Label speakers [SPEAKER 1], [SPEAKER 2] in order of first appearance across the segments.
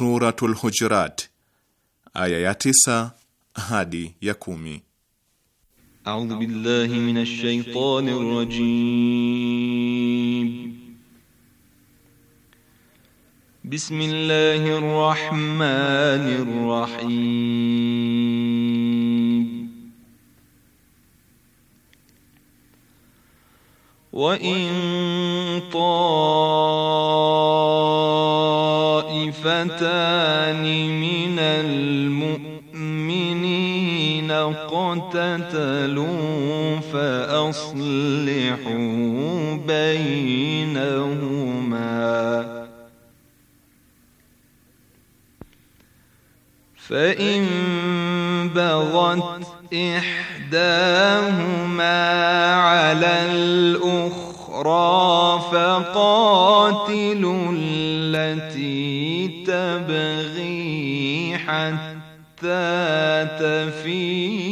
[SPEAKER 1] Suratul Hujurat aya ya tisa hadi ya kumi.
[SPEAKER 2] A'udhu billahi minash shaitani rajim. Bismillahir rahmanir rahim. Wa in بينهما فإن بغت إحداهما على الأخرى فقاتلوا التي تبغي حتى تفيء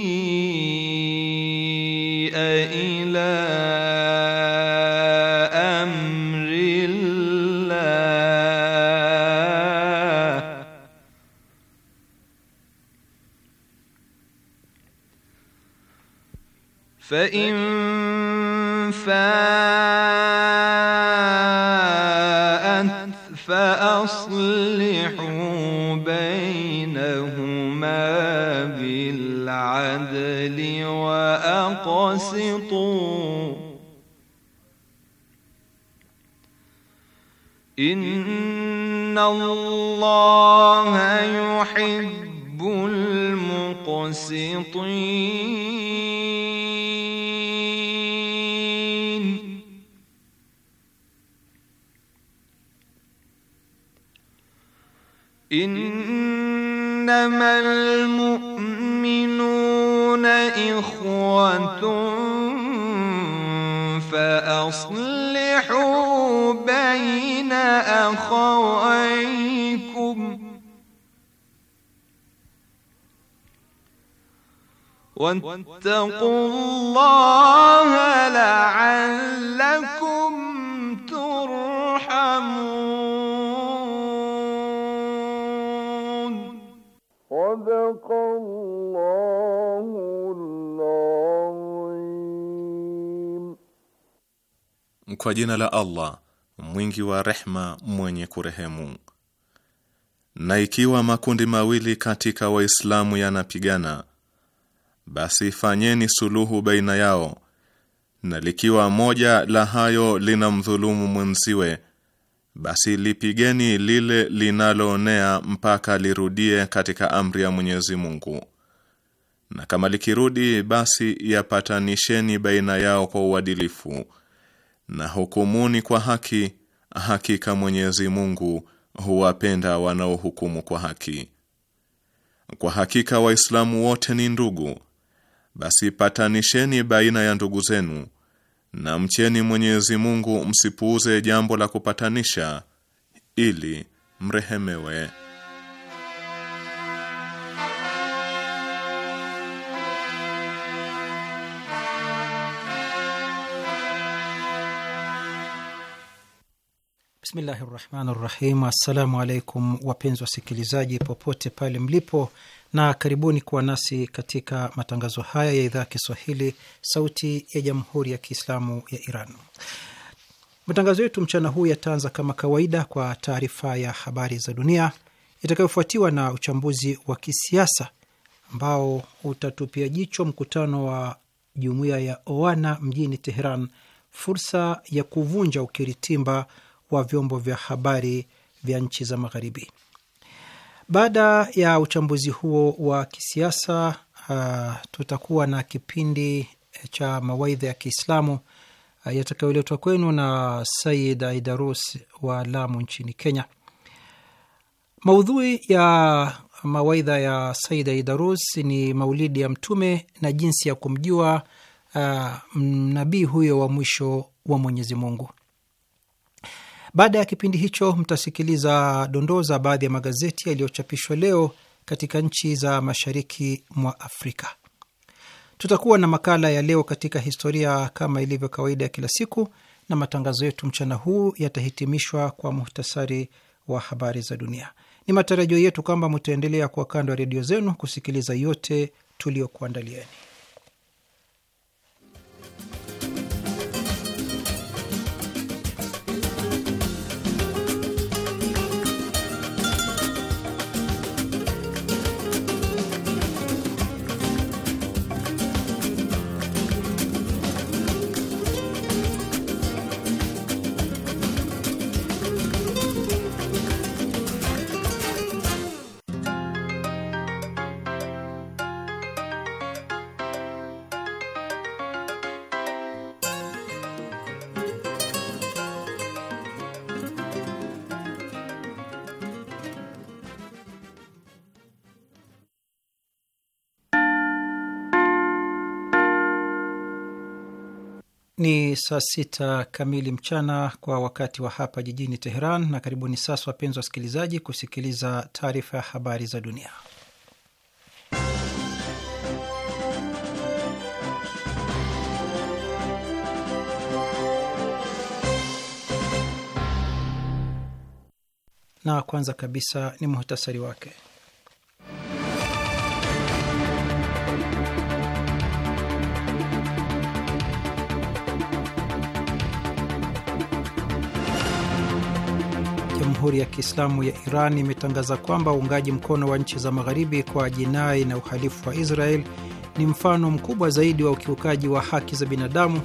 [SPEAKER 2] فإن فاءت فأصلحوا بينهما بالعدل وأقسطوا إن الله يحب المقسطين إنما المؤمنون إخوة فأصلحوا بين أخويكم واتقوا الله لعلكم
[SPEAKER 1] Kwa jina la Allah mwingi wa rehma mwenye kurehemu. Na ikiwa makundi mawili katika Waislamu yanapigana, basi fanyeni suluhu baina yao, na likiwa moja la hayo linamdhulumu mwenziwe basi lipigeni lile linaloonea mpaka lirudie katika amri ya Mwenyezi Mungu, na kama likirudi, basi yapatanisheni baina yao kwa uadilifu na hukumuni kwa haki. Hakika Mwenyezi Mungu huwapenda wanaohukumu kwa haki. Kwa hakika Waislamu wote ni ndugu, basi patanisheni baina ya ndugu zenu na mcheni Mwenyezi Mungu, msipuuze jambo la kupatanisha ili mrehemewe.
[SPEAKER 3] Bismillahi rahmani rahim. Assalamu alaikum wapenzi wasikilizaji, popote pale mlipo na karibuni kuwa nasi katika matangazo haya ya idhaa ya Kiswahili, Sauti ya Jamhuri ya Kiislamu ya Iran. Matangazo yetu mchana huu yataanza kama kawaida kwa taarifa ya habari za dunia itakayofuatiwa na uchambuzi wa kisiasa ambao utatupia jicho mkutano wa jumuiya ya Oana mjini Teheran, fursa ya kuvunja ukiritimba wa vyombo vya habari vya nchi za Magharibi. Baada ya uchambuzi huo wa kisiasa uh, tutakuwa na kipindi eh, cha mawaidha ya Kiislamu uh, yatakayoletwa kwenu na Sayid Aidarus wa Lamu nchini Kenya. Maudhui ya mawaidha ya Sayid Aidarus ni maulidi ya Mtume na jinsi ya kumjua uh, nabii huyo wa mwisho wa Mwenyezi Mungu. Baada ya kipindi hicho, mtasikiliza dondoo za baadhi ya magazeti yaliyochapishwa leo katika nchi za mashariki mwa Afrika. Tutakuwa na makala ya leo katika historia kama ilivyo kawaida ya kila siku, na matangazo yetu mchana huu yatahitimishwa kwa muhtasari wa habari za dunia. Ni matarajio yetu kwamba mtaendelea kuwa kando ya redio zenu kusikiliza yote tuliyokuandalieni. saa sita kamili mchana kwa wakati wa hapa jijini Teheran. Na karibuni sasa, wapenzi wasikilizaji, kusikiliza taarifa ya habari za dunia, na kwanza kabisa ni muhtasari wake. Jamhuri ya Kiislamu ya Iran imetangaza kwamba uungaji mkono wa nchi za magharibi kwa jinai na uhalifu wa Israel ni mfano mkubwa zaidi wa ukiukaji wa haki za binadamu.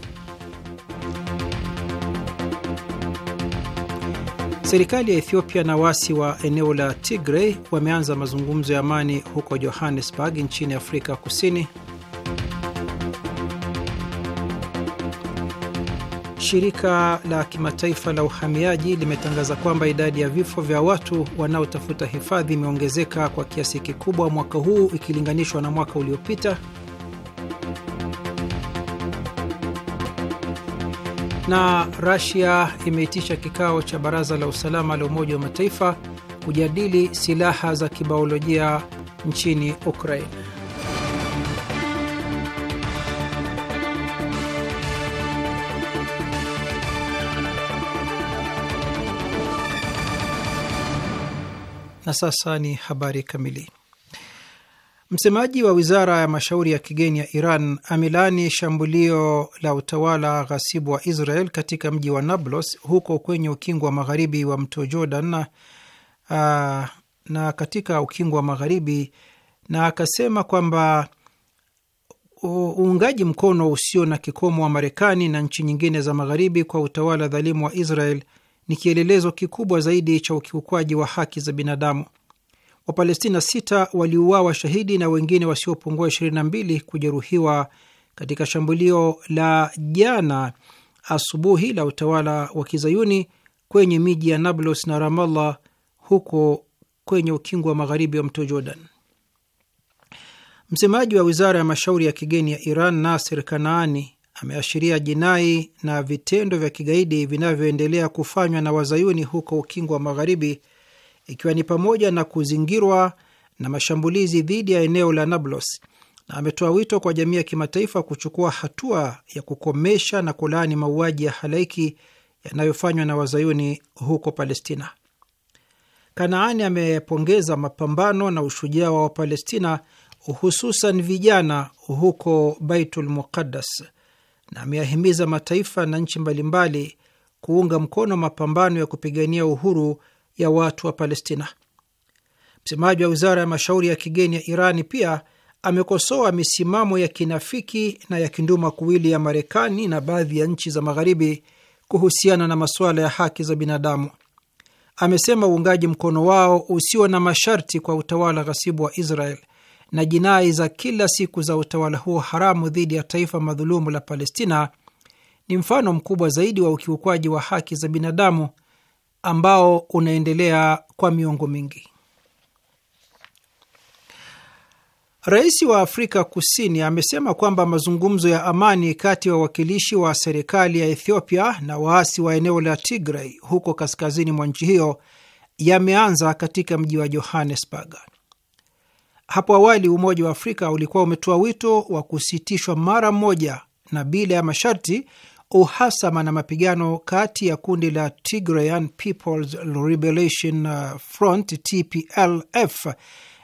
[SPEAKER 3] Serikali ya Ethiopia na wasi wa eneo la Tigray wameanza mazungumzo ya amani huko Johannesburg nchini Afrika Kusini. Shirika la kimataifa la uhamiaji limetangaza kwamba idadi ya vifo vya watu wanaotafuta hifadhi imeongezeka kwa kiasi kikubwa mwaka huu ikilinganishwa na mwaka uliopita. Na Rasia imeitisha kikao cha baraza la usalama la Umoja wa Mataifa kujadili silaha za kibaolojia nchini Ukraine. sasa ni habari kamili. Msemaji wa wizara ya mashauri ya kigeni ya Iran amelaani shambulio la utawala ghasibu wa Israel katika mji wa Nablus huko kwenye ukingo wa magharibi wa mto Jordan na, ah, na katika ukingo wa magharibi na akasema kwamba uungaji mkono usio na kikomo wa Marekani na nchi nyingine za magharibi kwa utawala dhalimu wa Israel ni kielelezo kikubwa zaidi cha ukiukwaji wa haki za binadamu. Wapalestina sita waliuawa shahidi na wengine wasiopungua 22 kujeruhiwa katika shambulio la jana asubuhi la utawala wa kizayuni kwenye miji ya Nablus na Ramallah huko kwenye ukingo wa magharibi wa mto Jordan. Msemaji wa wizara ya mashauri ya kigeni ya Iran, Nasir Kanaani, ameashiria jinai na vitendo vya kigaidi vinavyoendelea kufanywa na wazayuni huko ukingo wa Magharibi, ikiwa ni pamoja na kuzingirwa na mashambulizi dhidi ya eneo la Nablus, na ametoa wito kwa jamii ya kimataifa kuchukua hatua ya kukomesha na kulaani mauaji ya halaiki yanayofanywa na wazayuni huko Palestina. Kanaani amepongeza mapambano na ushujaa wa Wapalestina, hususan vijana huko Baitul Muqaddas na ameyahimiza mataifa na nchi mbalimbali kuunga mkono mapambano ya kupigania uhuru ya watu wa Palestina. Msemaji wa wizara ya mashauri ya kigeni ya Irani pia amekosoa misimamo ya kinafiki na ya kinduma kuwili ya Marekani na baadhi ya nchi za Magharibi kuhusiana na masuala ya haki za binadamu. Amesema uungaji mkono wao usio na masharti kwa utawala ghasibu wa Israel na jinai za kila siku za utawala huo haramu dhidi ya taifa madhulumu la Palestina ni mfano mkubwa zaidi wa ukiukwaji wa haki za binadamu ambao unaendelea kwa miongo mingi. Rais wa Afrika Kusini amesema kwamba mazungumzo ya amani kati ya wawakilishi wa serikali ya Ethiopia na waasi wa eneo la Tigray huko kaskazini mwa nchi hiyo yameanza katika mji wa Johannesburg. Hapo awali Umoja wa Afrika ulikuwa umetoa wito wa kusitishwa mara moja na bila ya masharti uhasama na mapigano kati ya kundi la Tigrayan People's Liberation Front TPLF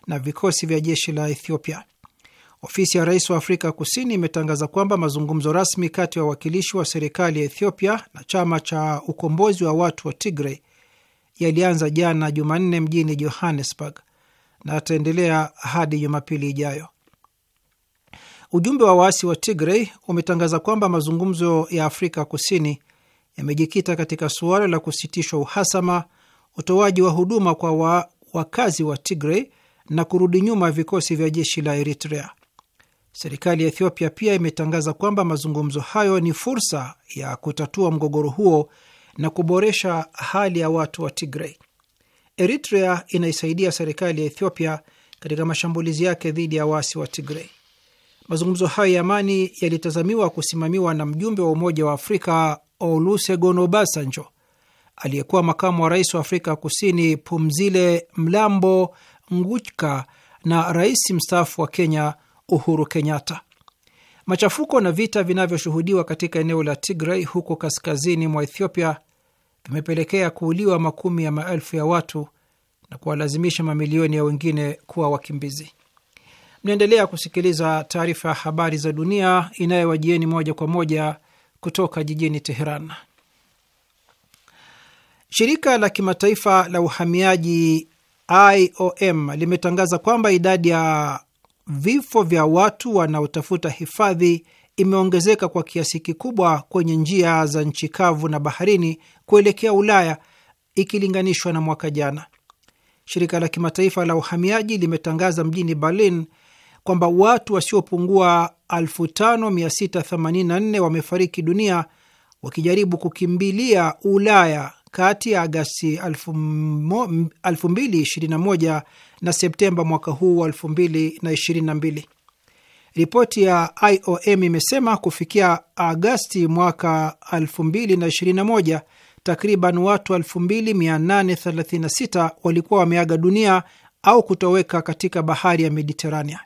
[SPEAKER 3] na vikosi vya jeshi la Ethiopia. Ofisi ya rais wa Afrika Kusini imetangaza kwamba mazungumzo rasmi kati ya wawakilishi wa serikali ya Ethiopia na chama cha ukombozi wa watu wa Tigray yalianza jana Jumanne mjini Johannesburg na ataendelea hadi Jumapili ijayo. Ujumbe wa waasi wa Tigray umetangaza kwamba mazungumzo ya Afrika Kusini yamejikita katika suala la kusitishwa uhasama, utoaji wa huduma kwa wa, wakazi wa Tigray na kurudi nyuma vikosi vya jeshi la Eritrea. Serikali ya Ethiopia pia imetangaza kwamba mazungumzo hayo ni fursa ya kutatua mgogoro huo na kuboresha hali ya watu wa Tigray. Eritrea inaisaidia serikali ya Ethiopia katika mashambulizi yake dhidi ya waasi wa Tigrei. Mazungumzo hayo ya amani yalitazamiwa kusimamiwa na mjumbe wa Umoja wa Afrika Olusegun Obasanjo, aliyekuwa makamu wa rais wa Afrika Kusini Pumzile Mlambo nguchka na rais mstaafu wa Kenya Uhuru Kenyatta. Machafuko na vita vinavyoshuhudiwa katika eneo la tigrei huko kaskazini mwa Ethiopia imepelekea kuuliwa makumi ya maelfu ya watu na kuwalazimisha mamilioni ya wengine kuwa wakimbizi. Mnaendelea kusikiliza taarifa ya habari za dunia inayowajieni moja kwa moja kutoka jijini Teheran. Shirika la kimataifa la uhamiaji IOM limetangaza kwamba idadi ya vifo vya watu wanaotafuta hifadhi imeongezeka kwa kiasi kikubwa kwenye njia za nchi kavu na baharini kuelekea Ulaya ikilinganishwa na mwaka jana. Shirika la kimataifa la uhamiaji limetangaza mjini Berlin kwamba watu wasiopungua 5684 wamefariki dunia wakijaribu kukimbilia Ulaya kati ya Agasti 2021 na Septemba mwaka huu wa 2022. Ripoti ya IOM imesema kufikia Agasti mwaka 2021 takriban watu 2836 walikuwa wameaga dunia au kutoweka katika bahari ya Mediterania.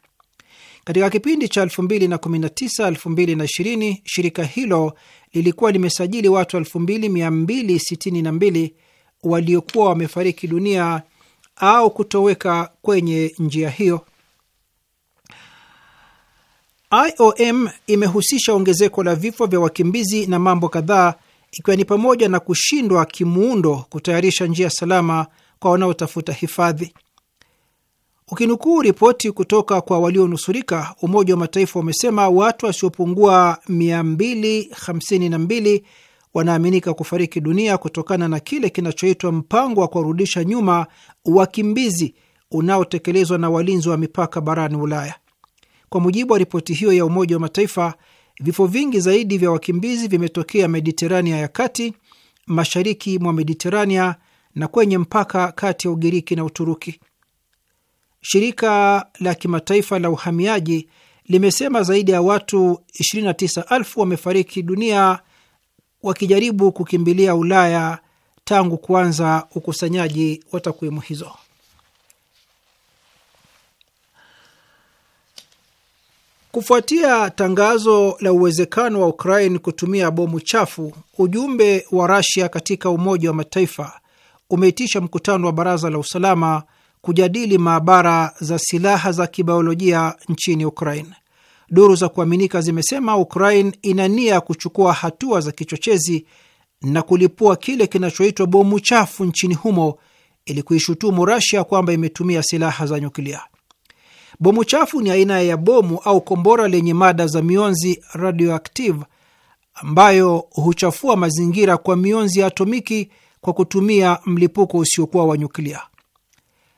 [SPEAKER 3] Katika kipindi cha 2019-2020 shirika hilo lilikuwa limesajili watu 2262 waliokuwa wamefariki dunia au kutoweka kwenye njia hiyo. IOM imehusisha ongezeko la vifo vya wakimbizi na mambo kadhaa ikiwa ni pamoja na kushindwa kimuundo kutayarisha njia salama kwa wanaotafuta hifadhi. Ukinukuu ripoti kutoka kwa walionusurika, Umoja wa Mataifa umesema watu wasiopungua 252 wanaaminika kufariki dunia kutokana na kile kinachoitwa mpango wa kuwarudisha nyuma wakimbizi unaotekelezwa na walinzi wa mipaka barani Ulaya. Kwa mujibu wa ripoti hiyo ya Umoja wa Mataifa, Vifo vingi zaidi vya wakimbizi vimetokea Mediterania ya kati, mashariki mwa Mediterania na kwenye mpaka kati ya Ugiriki na Uturuki. Shirika la kimataifa la uhamiaji limesema zaidi ya watu 29,000 wamefariki dunia wakijaribu kukimbilia Ulaya tangu kuanza ukusanyaji wa takwimu hizo. Kufuatia tangazo la uwezekano wa Ukraine kutumia bomu chafu, ujumbe wa Rasia katika Umoja wa Mataifa umeitisha mkutano wa Baraza la Usalama kujadili maabara za silaha za kibiolojia nchini Ukraine. Duru za kuaminika zimesema Ukraine ina nia ya kuchukua hatua za kichochezi na kulipua kile kinachoitwa bomu chafu nchini humo ili kuishutumu Rasia kwamba imetumia silaha za nyuklia. Bomu chafu ni aina ya bomu au kombora lenye mada za mionzi radioactive ambayo huchafua mazingira kwa mionzi ya atomiki kwa kutumia mlipuko usiokuwa wa nyuklia.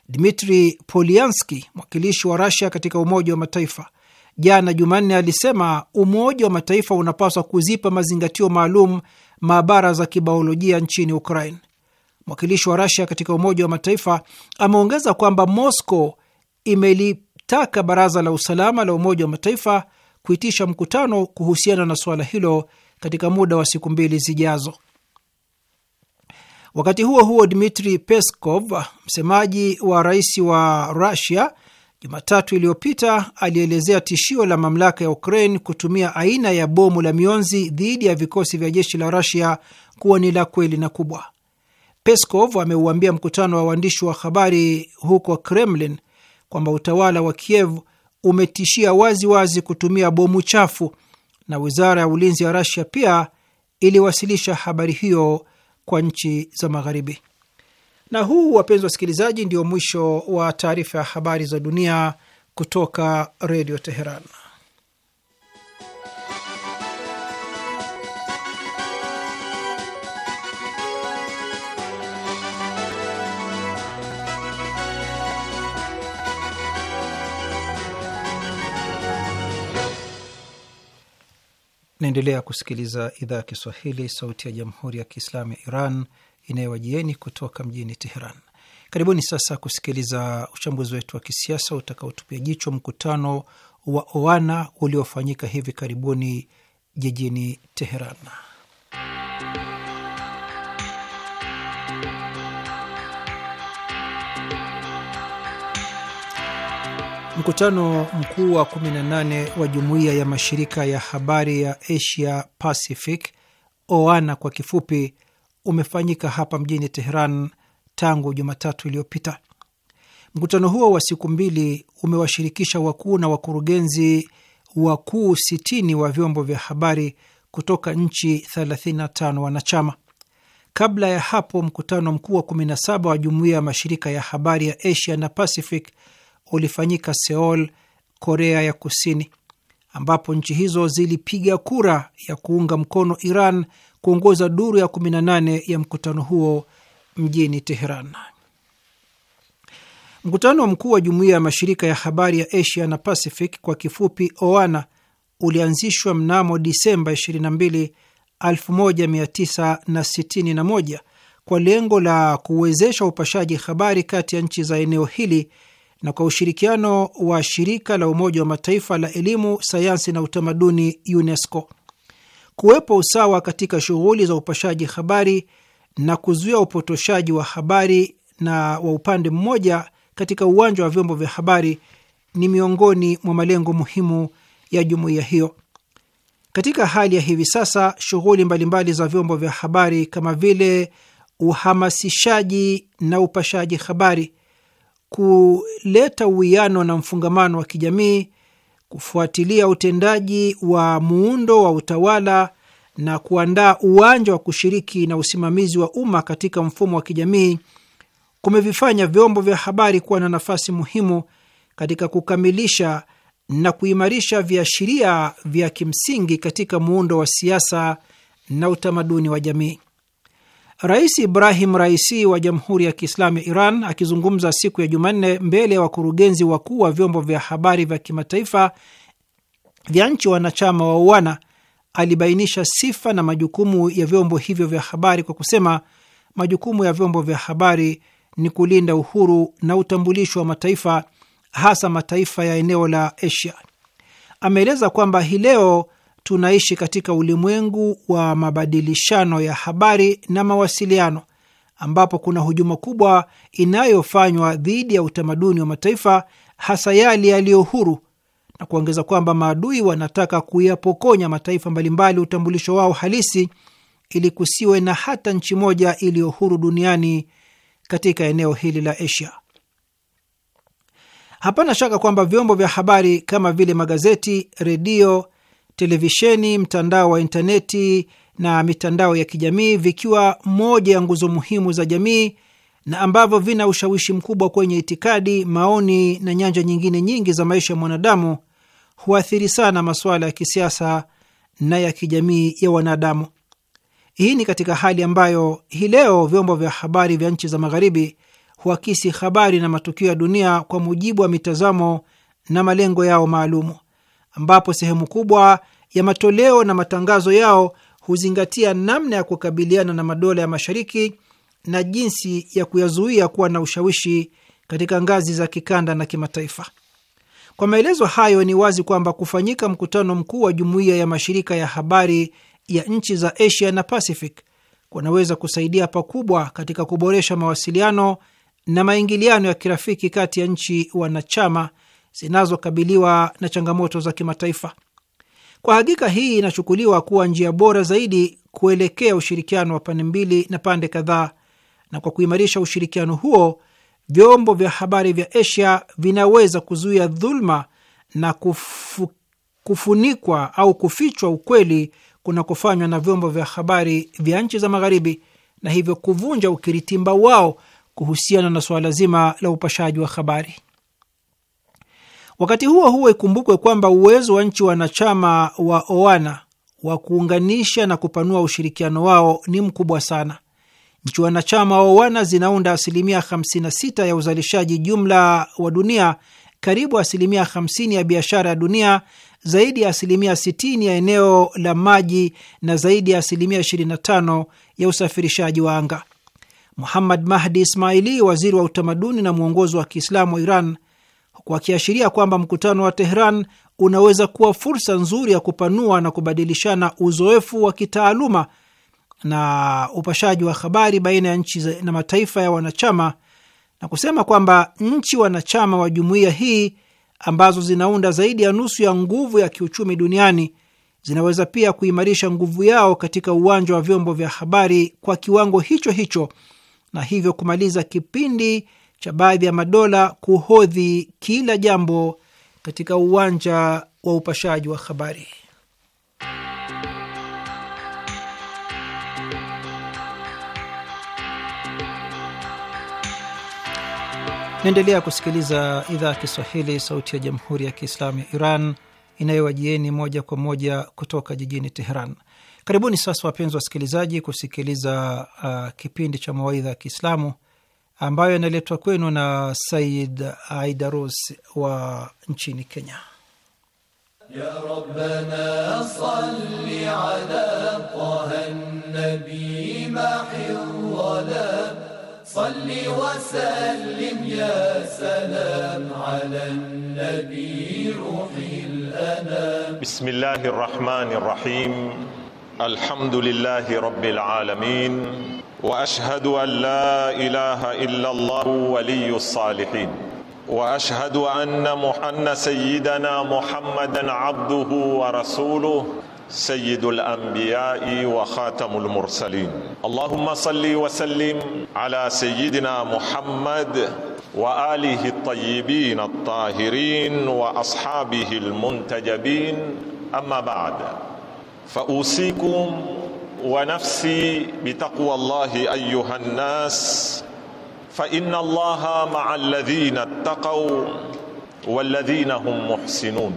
[SPEAKER 3] Dmitri Polianski, mwakilishi wa Rasia katika Umoja wa Mataifa, jana Jumanne alisema Umoja wa Mataifa unapaswa kuzipa mazingatio maalum maabara za kibaolojia nchini Ukraine. Mwakilishi wa Rasia katika Umoja wa Mataifa ameongeza kwamba Moscow imelipa limelitaka Baraza la Usalama la Umoja wa Mataifa kuitisha mkutano kuhusiana na suala hilo katika muda wa siku mbili zijazo. Wakati huo huo, Dmitri Peskov, msemaji wa rais wa Rusia, Jumatatu iliyopita alielezea tishio la mamlaka ya Ukraine kutumia aina ya bomu la mionzi dhidi ya vikosi vya jeshi la Rusia kuwa ni la kweli na kubwa. Peskov ameuambia mkutano wa waandishi wa habari huko Kremlin kwamba utawala wa Kiev umetishia wazi wazi kutumia bomu chafu, na wizara ya ulinzi ya Rasia pia iliwasilisha habari hiyo kwa nchi za Magharibi. Na huu, wapenzi wasikilizaji, ndio mwisho wa taarifa ya habari za dunia kutoka Redio Teheran. Naendelea kusikiliza idhaa ya Kiswahili, sauti ya jamhuri ya kiislamu ya Iran inayowajieni kutoka mjini Teheran. Karibuni sasa kusikiliza uchambuzi wetu wa kisiasa utakaotupia jicho mkutano wa Oana uliofanyika hivi karibuni jijini Teheran. Mkutano mkuu wa 18 wa jumuiya ya mashirika ya habari ya Asia Pacific, OANA kwa kifupi, umefanyika hapa mjini Teheran tangu Jumatatu iliyopita. Mkutano huo wa siku mbili umewashirikisha wakuu na wakurugenzi wakuu 60 wa vyombo vya habari kutoka nchi 35 wanachama. Kabla ya hapo, mkutano mkuu wa 17 wa jumuiya ya mashirika ya habari ya Asia na Pacific ulifanyika Seoul, Korea ya Kusini, ambapo nchi hizo zilipiga kura ya kuunga mkono Iran kuongoza duru ya 18 ya mkutano huo mjini Teheran. Mkutano mkuu wa Jumuiya ya Mashirika ya Habari ya Asia na Pacific, kwa kifupi OANA, ulianzishwa mnamo Disemba 22, 1961 kwa lengo la kuwezesha upashaji habari kati ya nchi za eneo hili na kwa ushirikiano wa shirika la Umoja wa Mataifa la elimu, sayansi na utamaduni UNESCO. Kuwepo usawa katika shughuli za upashaji habari na kuzuia upotoshaji wa habari na wa upande mmoja katika uwanja wa vyombo vya habari ni miongoni mwa malengo muhimu ya jumuiya hiyo. Katika hali ya hivi sasa, shughuli mbalimbali za vyombo vya habari kama vile uhamasishaji na upashaji habari kuleta uwiano na mfungamano wa kijamii, kufuatilia utendaji wa muundo wa utawala na kuandaa uwanja wa kushiriki na usimamizi wa umma katika mfumo wa kijamii kumevifanya vyombo vya habari kuwa na nafasi muhimu katika kukamilisha na kuimarisha viashiria vya kimsingi katika muundo wa siasa na utamaduni wa jamii. Rais Ibrahim Raisi wa Jamhuri ya Kiislamu ya Iran akizungumza siku ya Jumanne mbele ya wakurugenzi wakuu wa vyombo vya habari vya kimataifa vya nchi wanachama wa UANA alibainisha sifa na majukumu ya vyombo hivyo vya habari kwa kusema, majukumu ya vyombo vya habari ni kulinda uhuru na utambulisho wa mataifa, hasa mataifa ya eneo la Asia. Ameeleza kwamba hii leo tunaishi katika ulimwengu wa mabadilishano ya habari na mawasiliano ambapo kuna hujuma kubwa inayofanywa dhidi ya utamaduni wa mataifa hasa yale yaliyo huru, na kuongeza kwamba maadui wanataka kuyapokonya mataifa mbalimbali utambulisho wao halisi ili kusiwe na hata nchi moja iliyo huru duniani katika eneo hili la Asia. Hapana shaka kwamba vyombo vya habari kama vile magazeti, redio televisheni, mtandao wa intaneti na mitandao ya kijamii vikiwa moja ya nguzo muhimu za jamii na ambavyo vina ushawishi mkubwa kwenye itikadi, maoni na nyanja nyingine nyingi za maisha ya mwanadamu, huathiri sana masuala ya kisiasa na ya kijamii ya wanadamu. Hii ni katika hali ambayo hii leo vyombo vya habari vya nchi za Magharibi huakisi habari na matukio ya dunia kwa mujibu wa mitazamo na malengo yao maalumu ambapo sehemu kubwa ya matoleo na matangazo yao huzingatia namna ya kukabiliana na madola ya mashariki na jinsi ya kuyazuia kuwa na ushawishi katika ngazi za kikanda na kimataifa. Kwa maelezo hayo, ni wazi kwamba kufanyika mkutano mkuu wa jumuiya ya mashirika ya habari ya nchi za Asia na Pacific kunaweza kusaidia pakubwa katika kuboresha mawasiliano na maingiliano ya kirafiki kati ya nchi wanachama zinazokabiliwa na changamoto za kimataifa. Kwa hakika, hii inachukuliwa kuwa njia bora zaidi kuelekea ushirikiano wa pande mbili na pande kadhaa, na kwa kuimarisha ushirikiano huo, vyombo vya habari vya Asia vinaweza kuzuia dhuluma na kufu, kufunikwa au kufichwa ukweli kunakofanywa na vyombo vya habari vya nchi za Magharibi, na hivyo kuvunja ukiritimba wao kuhusiana na suala zima la upashaji wa habari. Wakati huo huo, ikumbukwe kwamba uwezo wa nchi wanachama wa OANA wa kuunganisha na kupanua ushirikiano wao ni mkubwa sana. Nchi wanachama wa OANA zinaunda asilimia 56 ya uzalishaji jumla wa dunia, karibu asilimia 50 ya biashara ya dunia, zaidi ya asilimia 60 ya eneo la maji na zaidi ya asilimia 25 ya usafirishaji wa anga. Muhammad Mahdi Ismaili, waziri wa utamaduni na mwongozo wa Kiislamu wa Iran, kwa kiashiria kwamba mkutano wa Tehran unaweza kuwa fursa nzuri ya kupanua na kubadilishana uzoefu wa kitaaluma na upashaji wa habari baina ya nchi na mataifa ya wanachama na kusema kwamba nchi wanachama wa jumuiya hii ambazo zinaunda zaidi ya nusu ya nguvu ya kiuchumi duniani zinaweza pia kuimarisha nguvu yao katika uwanja wa vyombo vya habari kwa kiwango hicho hicho na hivyo kumaliza kipindi cha baadhi ya madola kuhodhi kila jambo katika uwanja wa upashaji wa habari. Naendelea kusikiliza idhaa ya Kiswahili, sauti ya jamhuri ya kiislamu ya Iran inayowajieni moja kwa moja kutoka jijini Teheran. Karibuni sasa, wapenzi wasikilizaji, kusikiliza uh, kipindi cha mawaidha ya Kiislamu ambayo yanaletwa kwenu na Said Aidarus wa nchini Kenya.
[SPEAKER 2] Ya Rabbana salli ala taha nabi mahirwala salli wa sallim ya salam
[SPEAKER 4] ala nabi ruhil
[SPEAKER 5] anam. Bismillahir rahmanir rahim. Alhamdulillahi rabbil alamin واشهد ان لا اله الا الله ولي الصالحين واشهد ان محن سيدنا محمدا عبده ورسوله سيد الانبياء وخاتم المرسلين اللهم صل وسلم على سيدنا محمد واله الطيبين الطاهرين واصحابه المنتجبين اما بعد فاوصيكم ونفسي بتقوى الله ايها الناس فان الله مع الذين اتقوا والذين هم محسنون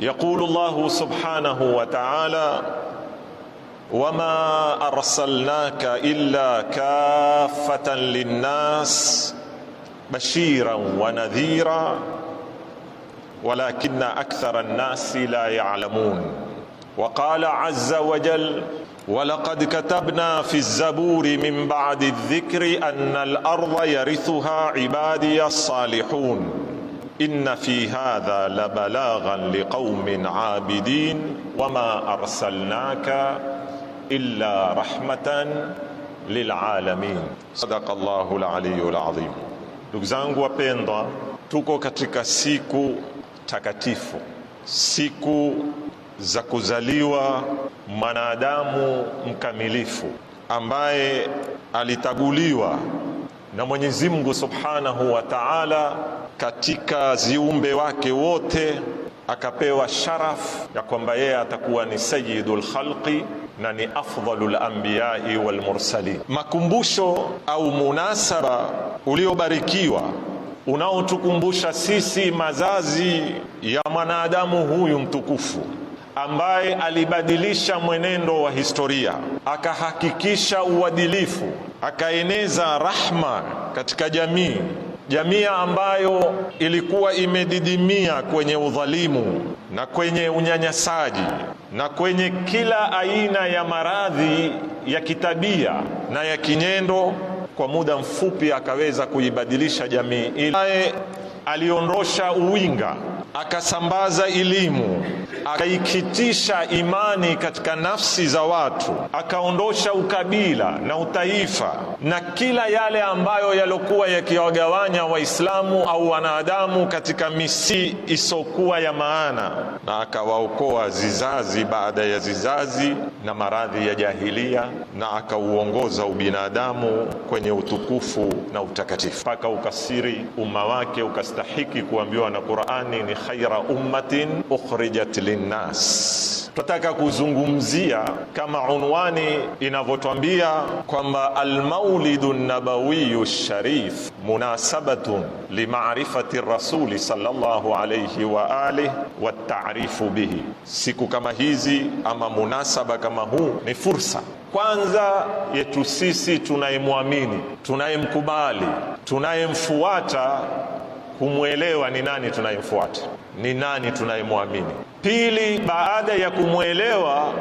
[SPEAKER 5] يقول الله سبحانه وتعالى وما ارسلناك الا كافه للناس بشيرا ونذيرا ولكن اكثر الناس لا يعلمون وقال عز وجل walaqad katabna fi zaburi min ba'di dhikri anna al-ardha yarithuha ibadiya salihun inna fi hadha la balaghan liqaumin abidin wama arsalnaka illa rahmatan lilalamin. Sadaka Allahu al-aliyyu al-azim. Ndugu zangu wapendwa, tuko katika siku takatifu, siku za kuzaliwa mwanadamu mkamilifu ambaye alitaguliwa na Mwenyezi Mungu Subhanahu wa Ta'ala katika ziumbe wake wote, akapewa sharaf ya kwamba yeye atakuwa ni sayyidul khalqi na ni afdhalul anbiyai wal mursalin. Makumbusho au munasaba uliobarikiwa unaotukumbusha sisi mazazi ya mwanadamu huyu mtukufu ambaye alibadilisha mwenendo wa historia, akahakikisha uadilifu, akaeneza rahma katika jamii, jamii ambayo ilikuwa imedidimia kwenye udhalimu na kwenye unyanyasaji na kwenye kila aina ya maradhi ya kitabia na ya kinyendo. Kwa muda mfupi akaweza kuibadilisha jamii ile, aliondosha uwinga akasambaza elimu, akaikitisha imani katika nafsi za watu, akaondosha ukabila na utaifa na kila yale ambayo yalokuwa yakiwagawanya Waislamu au wanadamu katika misi isokuwa ya maana, na akawaokoa zizazi baada ya zizazi na maradhi ya jahilia, na akauongoza ubinadamu kwenye utukufu na utakatifu mpaka ukasiri umma wake ukastahiki kuambiwa na Qur'ani ni khaira ummatin ukhrijat linnas. twataka kuzungumzia kama unwani inavyotwambia kwamba almaulidu nabawiyu sharif munasabatun limarifati rasuli sallallahu alayhi wa alihi watarifu bihi. Siku kama hizi ama munasaba kama huu ni fursa kwanza yetu sisi tunayemwamini, tunayemkubali, tunayemfuata kumwelewa ni nani tunayemfuata, ni nani tunayemwamini. Pili, baada ya kumwelewa,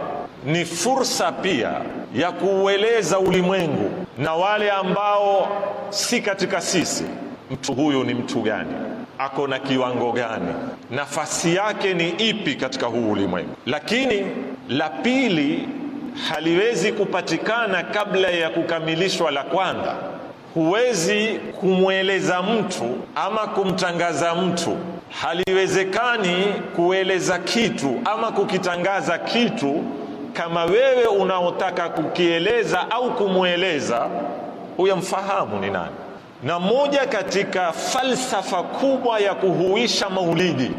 [SPEAKER 5] ni fursa pia ya kuueleza ulimwengu na wale ambao si katika sisi, mtu huyu ni mtu gani, ako na kiwango gani, nafasi yake ni ipi katika huu ulimwengu. Lakini la pili haliwezi kupatikana kabla ya kukamilishwa la kwanza huwezi kumweleza mtu ama kumtangaza mtu haliwezekani kueleza kitu ama kukitangaza kitu kama wewe unaotaka kukieleza au kumweleza huyamfahamu ni nani. Na moja katika falsafa kubwa ya kuhuisha maulidi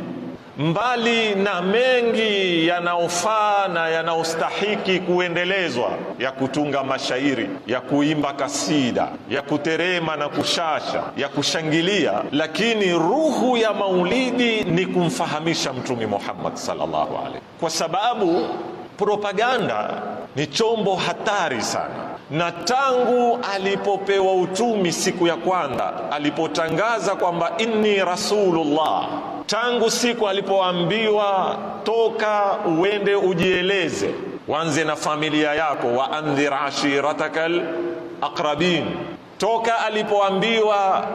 [SPEAKER 5] mbali na mengi yanaofaa na yanaostahiki kuendelezwa, ya kutunga mashairi, ya kuimba kasida, ya kuterema na kushasha, ya kushangilia, lakini ruhu ya maulidi ni kumfahamisha Mtume Muhammad sallallahu alaihi, kwa sababu propaganda ni chombo hatari sana na tangu alipopewa utumi siku ya kwanza alipotangaza kwamba inni rasulullah, tangu siku alipoambiwa toka uende ujieleze, wanze na familia yako, wa andhir ashiratakal aqrabin, toka alipoambiwa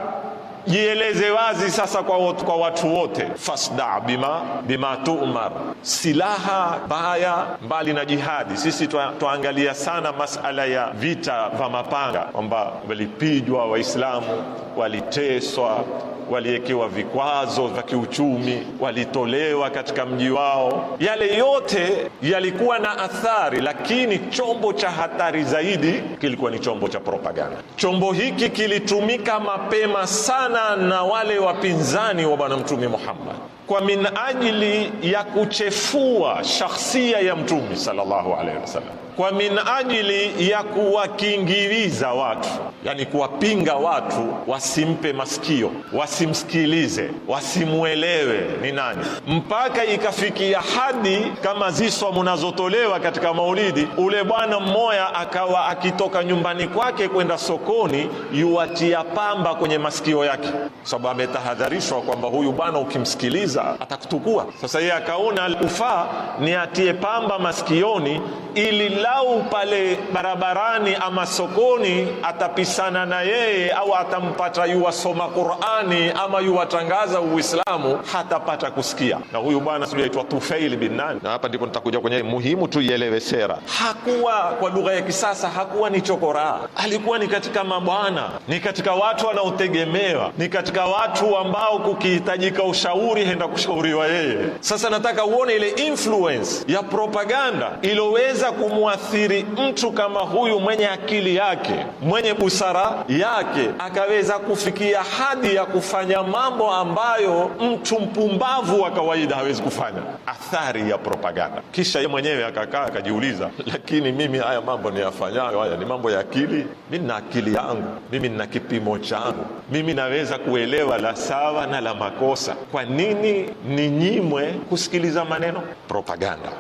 [SPEAKER 5] jieleze wazi sasa kwa watu, kwa watu wote fasda bima, bima tumar. Silaha mbaya mbali na jihadi, sisi twaangalia sana masala ya vita vya mapanga kwamba walipijwa Waislamu, waliteswa waliwekewa vikwazo vya kiuchumi, walitolewa katika mji wao. Yale yote yalikuwa na athari, lakini chombo cha hatari zaidi kilikuwa ni chombo cha propaganda. Chombo hiki kilitumika mapema sana na wale wapinzani wa Bwana Mtume Muhammad kwa min ajili ya kuchefua shakhsia ya Mtume sallallahu alaihi wasallam kwa min ajili ya kuwakingiliza watu, yani kuwapinga watu wasimpe masikio, wasimsikilize, wasimwelewe ni nani, mpaka ikafikia hadi kama ziswa munazotolewa katika maulidi. Ule bwana mmoya akawa akitoka nyumbani kwake kwenda sokoni, yuwatia pamba kwenye masikio yake, sababu ametahadharishwa kwamba huyu bwana ukimsikiliza atakutukua. Sasa yeye akaona ufaa ni atie pamba masikioni ili lau pale barabarani ama sokoni atapisana na yeye au atampata yuwasoma Qurani ama yuwatangaza Uislamu, hatapata kusikia. Na huyu bwana sijui aitwa Tufail bin nani, na hapa ndipo nitakuja kwenye muhimu tu ielewe sera. Hakuwa kwa lugha ya kisasa, hakuwa ni chokoraa, alikuwa ni katika mabwana, ni katika watu wanaotegemewa, ni katika watu ambao kukihitajika ushauri henda kushauriwa yeye. Sasa nataka uone ile influence ya propaganda iloweza kumwa kumwathiri mtu kama huyu mwenye akili yake, mwenye busara yake, akaweza kufikia hadi ya kufanya mambo ambayo mtu mpumbavu wa kawaida hawezi kufanya, athari ya propaganda. Kisha yeye mwenyewe akakaa akajiuliza, lakini mimi haya mambo niyafanyayo haya ni mambo ya akili? Mimi nina akili yangu, mimi nina kipimo changu, mimi naweza kuelewa la sawa na la makosa. Kwa nini ninyimwe kusikiliza maneno propaganda?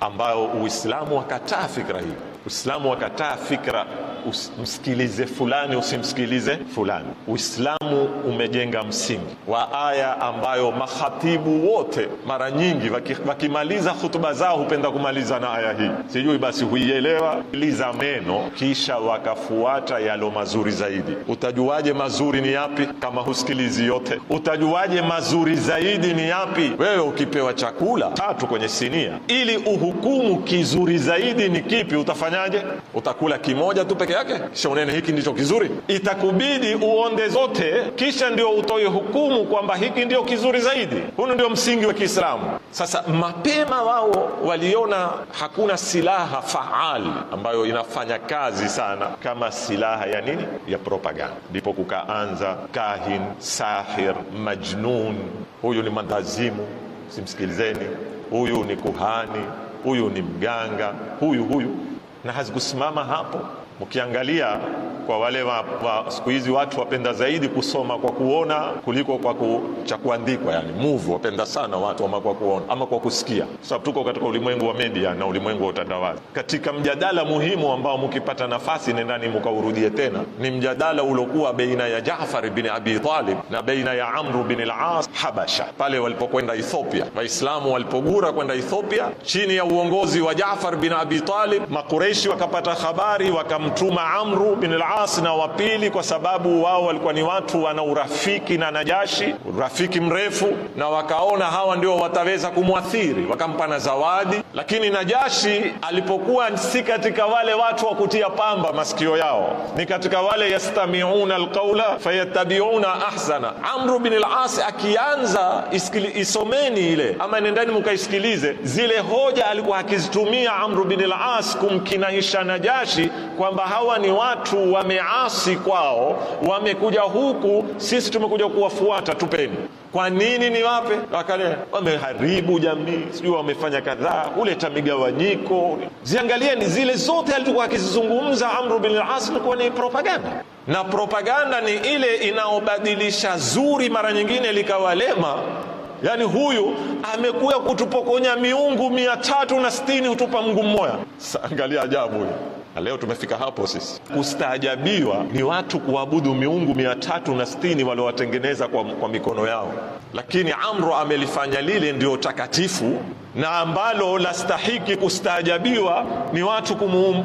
[SPEAKER 5] ambayo Uislamu wakataa fikra hii. Uislamu wakataa fikra usimsikilize fulani usimsikilize fulani. Uislamu umejenga msingi wa aya ambayo mahatibu wote mara nyingi wakimaliza hutuba zao hupenda kumaliza na aya hii, sijui basi huielewa liza meno kisha wakafuata yalo mazuri zaidi. Utajuaje mazuri ni yapi kama husikilizi yote? Utajuaje mazuri zaidi ni yapi? Wewe ukipewa chakula tatu kwenye sinia ili uhukumu kizuri zaidi ni kipi utafanya utafanyaje? Utakula kimoja tu peke yake, kisha unene hiki ndicho kizuri? Itakubidi uonde zote, kisha ndio utoe hukumu kwamba hiki ndio kizuri zaidi. Huu ndio msingi wa Kiislamu. Sasa mapema wao waliona hakuna silaha faali ambayo inafanya kazi sana kama silaha ya nini, ya propaganda. Ndipo kukaanza kahin, sahir, majnun, huyu ni mandazimu, simsikilizeni huyu ni kuhani, huyu ni mganga, huyu huyu na hazikusimama hapo Mkiangalia kwa wale wa, wa siku hizi watu wapenda zaidi kusoma kwa kuona kuliko kwa ku, cha kuandikwa, yani movie wapenda sana watu, ama kwa kuona ama kwa kusikia, sababu tuko katika ulimwengu wa media na ulimwengu wa utandawazi. Katika mjadala muhimu ambao mkipata nafasi nendani mkaurudie tena, ni mjadala uliokuwa baina ya Jaafar bin Abi Talib na baina ya Amr bin al-As Habasha, pale walipokwenda Ethiopia, Waislamu walipogura kwenda Ethiopia chini ya uongozi wa Jaafar bin Abi Talib, Makureishi wakapata habari wakam akamtuma Amru bin al-As na wa pili, kwa sababu wao walikuwa ni watu wana urafiki na Najashi, urafiki mrefu, na wakaona hawa ndio wataweza kumwathiri, wakampa na zawadi. Lakini Najashi alipokuwa si katika wale watu wa kutia pamba masikio yao, ni katika wale yastamiuna alqaula fayattabiuna ahsana. Amru bin al-As akianza iskili, isomeni ile ama nendani mkaisikilize, zile hoja alikuwa akizitumia Amru bin al-As kumkinaisha Najashi kwa kwamba hawa ni watu wameasi kwao, wamekuja huku, sisi tumekuja kuwafuata, tupeni. Kwa nini wape? Akale wameharibu jamii, sijui wamefanya kadhaa, huleta migawanyiko. Ziangalieni zile zote alikuwa akizizungumza Amru bin al-As, ni propaganda na propaganda ni ile inaobadilisha zuri mara nyingine likawalema. yani huyu amekuja kutupokonya miungu mia tatu na sitini hutupa Mungu mmoja. Angalia ajabu huyu na leo tumefika hapo sisi. Kustaajabiwa ni watu kuabudu miungu mia tatu na sitini waliowatengeneza kwa, kwa mikono yao, lakini Amro amelifanya lile ndio takatifu na ambalo lastahiki kustaajabiwa ni watu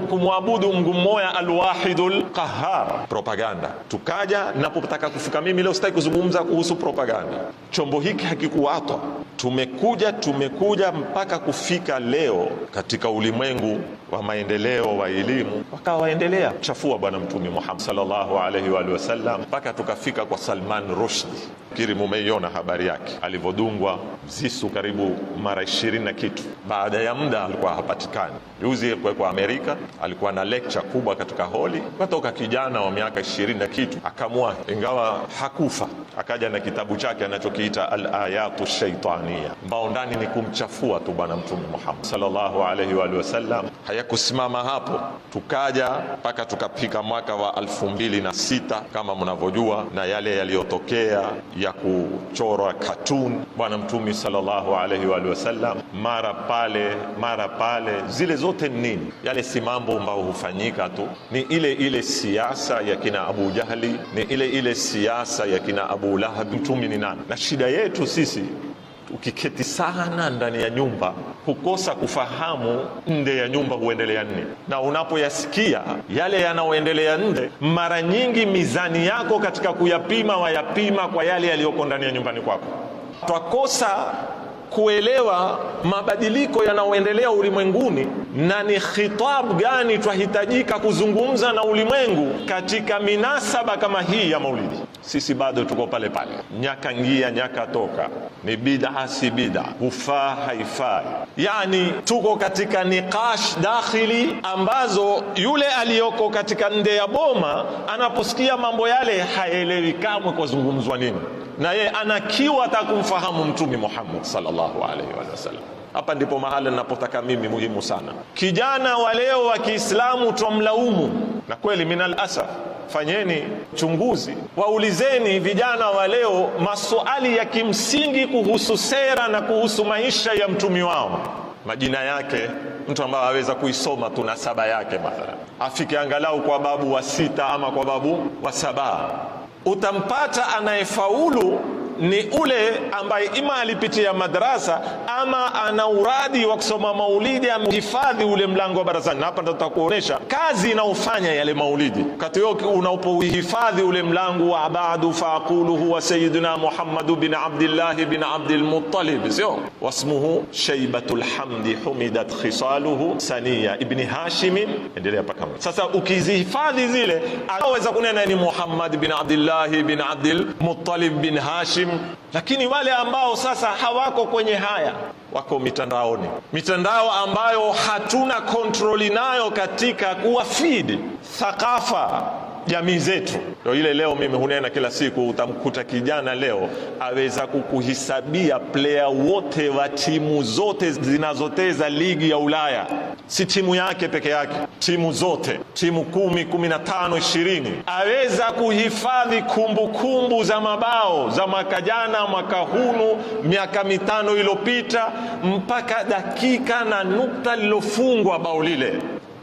[SPEAKER 5] kumwabudu Mungu mmoja alwahidul qahhar. Propaganda tukaja napotaka kufika mimi leo, sitaki kuzungumza kuhusu propaganda. Chombo hiki hakikuwatwa, tumekuja tumekuja mpaka kufika leo katika ulimwengu wa maendeleo wa elimu, wakawa waendelea kuchafua Bwana Mtume Muhammad sallallahu alaihi wa alihi wasallam mpaka tukafika kwa Salman Rushdie. kiri mumeiona habari yake alivodungwa mzisu karibu mara ishirini na kitu. Baada ya muda alikuwa hapatikani. Juzi kuwekwa Amerika, alikuwa na lecture kubwa katika holi, katoka kijana wa miaka ishirini na kitu akamwahi, ingawa hakufa. Akaja na kitabu chake anachokiita Alayatu Shaitania, ambao ndani ni kumchafua tu Bwana Mtume Muhammad sallallahu alaihi wa sallam. Hayakusimama hapo, tukaja mpaka tukapika mwaka wa alfu mbili na sita kama mnavyojua, na yale yaliyotokea ya kuchora katuni Bwana Mtume sallallahu alaihi wa sallam mara pale mara pale, zile zote nini? Yale si mambo ambayo hufanyika tu, ni ile ile siasa ya kina Abu Jahli, ni ile ile siasa ya kina Abu Lahab. Mtumi ni nani? Na shida yetu sisi ukiketi sana ndani ya nyumba hukosa kufahamu nje ya nyumba huendelea nini, na unapoyasikia yale yanayoendelea ya nje, mara nyingi mizani yako katika kuyapima wayapima kwa yale yaliyoko ndani ya nyumbani kwako. Twakosa kuelewa mabadiliko yanayoendelea ulimwenguni na ni khitabu gani twahitajika kuzungumza na ulimwengu katika minasaba kama hii ya Maulidi sisi bado tuko pale pale, nyaka ngia nyaka toka, ni bid'a si bid'a, hufaa haifai. Yani tuko katika niqash dakhili ambazo yule aliyoko katika nde ya boma anaposikia mambo yale haelewi kamwe kwa zungumzwa nini, na ye anakiwa atakumfahamu Mtume Muhammad sallallahu alaihi wasallam hapa ndipo mahala ninapotaka mimi, muhimu sana. Kijana wa leo wa Kiislamu twamlaumu, na kweli minal asaf Fanyeni uchunguzi, waulizeni vijana wa leo maswali ya kimsingi kuhusu sera na kuhusu maisha ya mtumi wao, majina yake, mtu ambaye aweza kuisoma tu nasaba yake, mathalan afike angalau kwa babu wa sita ama kwa babu wa saba, utampata anayefaulu ni ule ambaye ima alipitia madrasa ama ana uradi wa kusoma maulidi, amehifadhi ule mlango wa barazani. Na hapa tutakuonesha kazi inaofanya yale maulidi, kati huo unapohifadhi ule mlango wa badu faaqulu huwa sayyiduna Muhammadu bin Abdillahi bin Muttalib, sio wasmuhu shaybatul hamdi humidat khisaluhu saniya ibn Hashim. endelea paka sasa. Ukizihifadhi zile, anaweza kunena ni Muhammad bin Abdillahi bin Muttalib bin Hashim simu. Lakini wale ambao sasa hawako kwenye haya wako mitandaoni, mitandao ambayo hatuna kontroli nayo katika kuwa feed thakafa jamii zetu. Ndio ile leo mimi hunena kila siku, utamkuta kijana leo aweza kukuhisabia player wote wa timu zote zinazoteza ligi ya Ulaya, si timu yake peke yake, timu zote, timu kumi, kumi na tano, ishirini. Aweza kuhifadhi kumbukumbu za mabao za mwaka jana, mwaka hunu, miaka mitano iliyopita, mpaka dakika na nukta lilofungwa bao lile.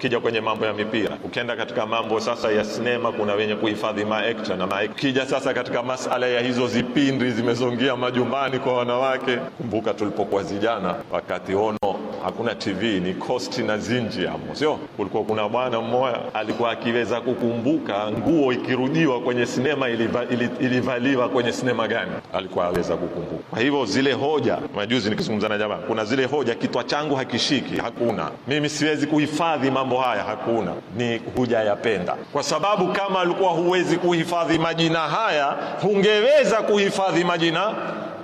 [SPEAKER 5] Ukija kwenye mambo ya mipira, ukienda katika mambo sasa ya sinema, kuna wenye kuhifadhi maekta na maekta. Kija sasa katika masala ya hizo zipindi zimezongia majumbani kwa wanawake, kumbuka tulipokuwa zijana wakati ono hakuna TV, ni kosti na zinji hapo, sio? Kulikuwa kuna bwana mmoja alikuwa akiweza kukumbuka nguo ikirudiwa kwenye sinema iliva, ilivaliwa kwenye sinema gani, alikuwa aweza kukumbuka. Kwa hivyo zile hoja, majuzi nikizungumza na jamaa, kuna zile hoja, kitwa changu hakishiki, hakuna mimi, siwezi kuhifadhi mambo haya, hakuna, ni hujayapenda. Kwa sababu kama alikuwa huwezi kuhifadhi majina haya, hungeweza kuhifadhi majina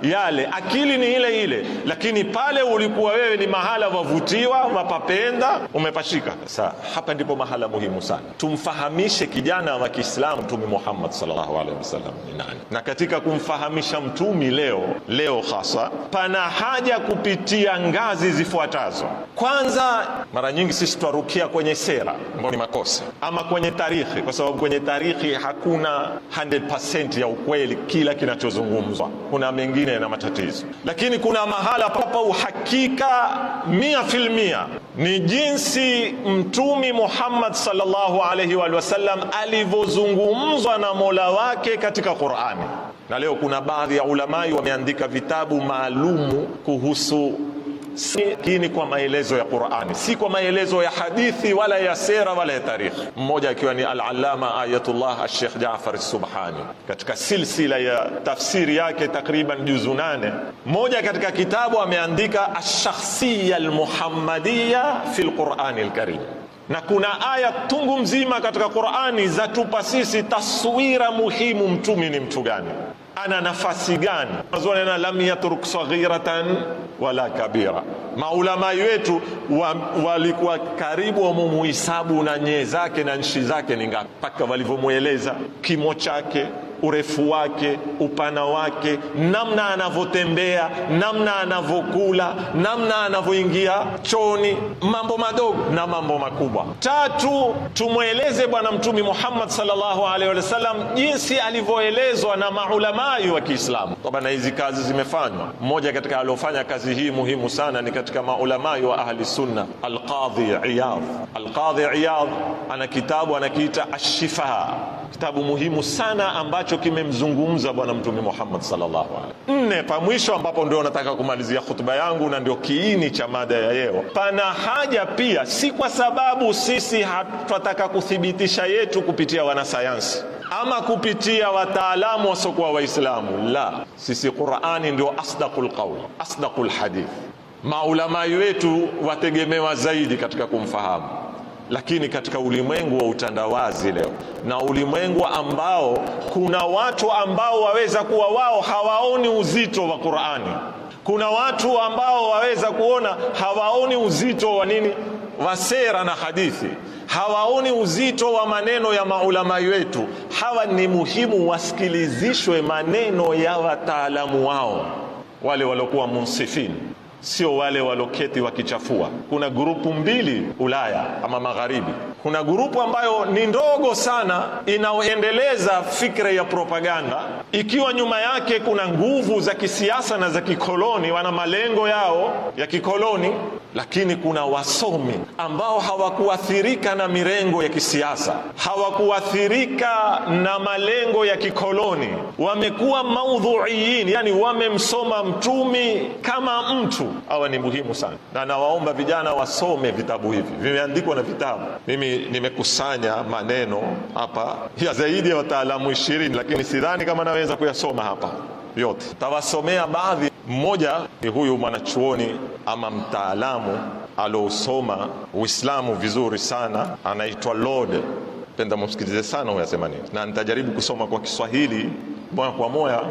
[SPEAKER 5] yale. Akili ni ile ile, lakini pale ulikuwa wewe ni mahala mahala wavutiwa, wapapenda, umepashika. Sa hapa ndipo mahala muhimu sana, tumfahamishe kijana wa Kiislamu Mtume Muhammad sallallahu alaihi wasallam ni nani, na katika kumfahamisha mtumi leo leo hasa pana haja kupitia ngazi zifuatazo. Kwanza, mara nyingi sisi twarukia kwenye sera ambayo ni makosa, ama kwenye tarikhi, kwa sababu kwenye tarikhi hakuna 100% ya ukweli kila kinachozungumzwa, kuna mengine na matatizo, lakini kuna mahala papa uhakika mia filmia ni jinsi Mtumi Muhammad sallallahu alaihi wa sallam alivyozungumzwa na Mola wake katika Qur'ani. Na leo kuna baadhi ya ulamai wameandika vitabu maalumu kuhusu kini kwa maelezo ya Qur'ani, si kwa maelezo ya hadithi wala ya sera wala ya tarikh. Mmoja akiwa ni al-Allama Ayatullah al-Sheikh Jaafar Subhani, katika silsila ya tafsiri yake takriban juzu nane, mmoja katika kitabu ameandika ash-shakhsiyya al-muhammadiyya fi al-Qur'ani al-Karim na kuna aya tungu mzima katika Qur'ani za tupa sisi taswira muhimu, mtume ni mtu gani ana nafasi gani? Mazonena lam yatruk saghiratan wala kabira. Maulamai wetu walikuwa wa karibu wamemuhisabu na nyee zake na nchi zake ni ngapi, mpaka walivyomweleza kimo chake urefu wake, upana wake, namna anavyotembea, namna anavyokula, namna anavyoingia choni, mambo madogo na mambo makubwa. Tatu, tumweleze Bwana Mtume Muhammad sallallahu alaihi wasallam jinsi alivyoelezwa na maulamai wa Kiislamu. Na hizi kazi zimefanywa, mmoja katika aliofanya kazi hii muhimu sana ni katika maulamai wa ahli sunna, Alqadhi Iyad. Alqadhi Iyad ana kitabu anakiita Ashifa, kitabu muhimu sana ambacho ambacho kimemzungumza Bwana Mtume Muhammad sallallahu alaihi nne pa mwisho, ambapo ndio nataka kumalizia hutuba yangu na ndio kiini cha mada ya leo. Pana haja pia, si kwa sababu sisi hatutaka kuthibitisha yetu kupitia wanasayansi ama kupitia wataalamu wasiokuwa Waislamu. La, sisi Qurani ndio asdaqul qawl, asdaqul hadith. Maulamaa wetu wategemewa zaidi katika kumfahamu lakini katika ulimwengu wa utandawazi leo na ulimwengu ambao kuna watu ambao waweza kuwa wao hawaoni uzito wa Qur'ani, kuna watu ambao waweza kuona hawaoni uzito wa nini, wa sera na hadithi, hawaoni uzito wa maneno ya maulama wetu. Hawa ni muhimu wasikilizishwe maneno ya wataalamu wao wale waliokuwa munsifini sio wale waloketi wakichafua. Kuna grupu mbili Ulaya ama magharibi. Kuna grupu ambayo ni ndogo sana inayoendeleza fikra ya propaganda, ikiwa nyuma yake kuna nguvu za kisiasa na za kikoloni, wana malengo yao ya kikoloni. Lakini kuna wasomi ambao hawakuathirika na mirengo ya kisiasa, hawakuathirika na malengo ya kikoloni, wamekuwa maudhuiyin, yani wamemsoma mtumi kama mtu awa ni muhimu sana, na nawaomba vijana wasome vitabu hivi, vimeandikwa na vitabu. Mimi nimekusanya maneno hapa ya zaidi ya wataalamu ishirini, lakini sidhani kama naweza kuyasoma hapa yote. Tawasomea baadhi. Mmoja ni huyu mwanachuoni ama mtaalamu alousoma Uislamu vizuri sana, anaitwa Lord penda mumsikilize sana huyu asema nini, na nitajaribu kusoma kwa Kiswahili moya kwa moya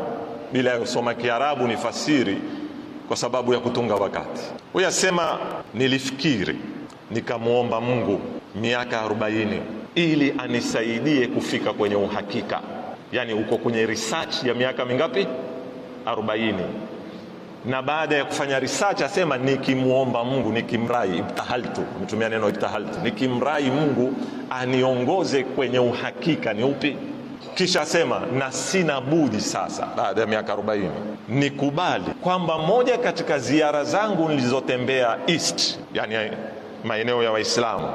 [SPEAKER 5] bila ya kusoma Kiarabu ni fasiri kwa sababu ya kutunga wakati. Huyu asema nilifikiri, nikamwomba Mungu miaka arobaini ili anisaidie kufika kwenye uhakika. Yani uko kwenye research ya miaka mingapi? Arobaini. Na baada ya kufanya research asema nikimwomba Mungu, nikimrai, ibtahaltu, ametumia neno ibtahaltu, nikimrai Mungu aniongoze kwenye uhakika ni upi? kisha sema na sina budi sasa, baada ya miaka 40 nikubali kwamba moja katika ziara zangu nilizotembea East, yani maeneo ya Waislamu,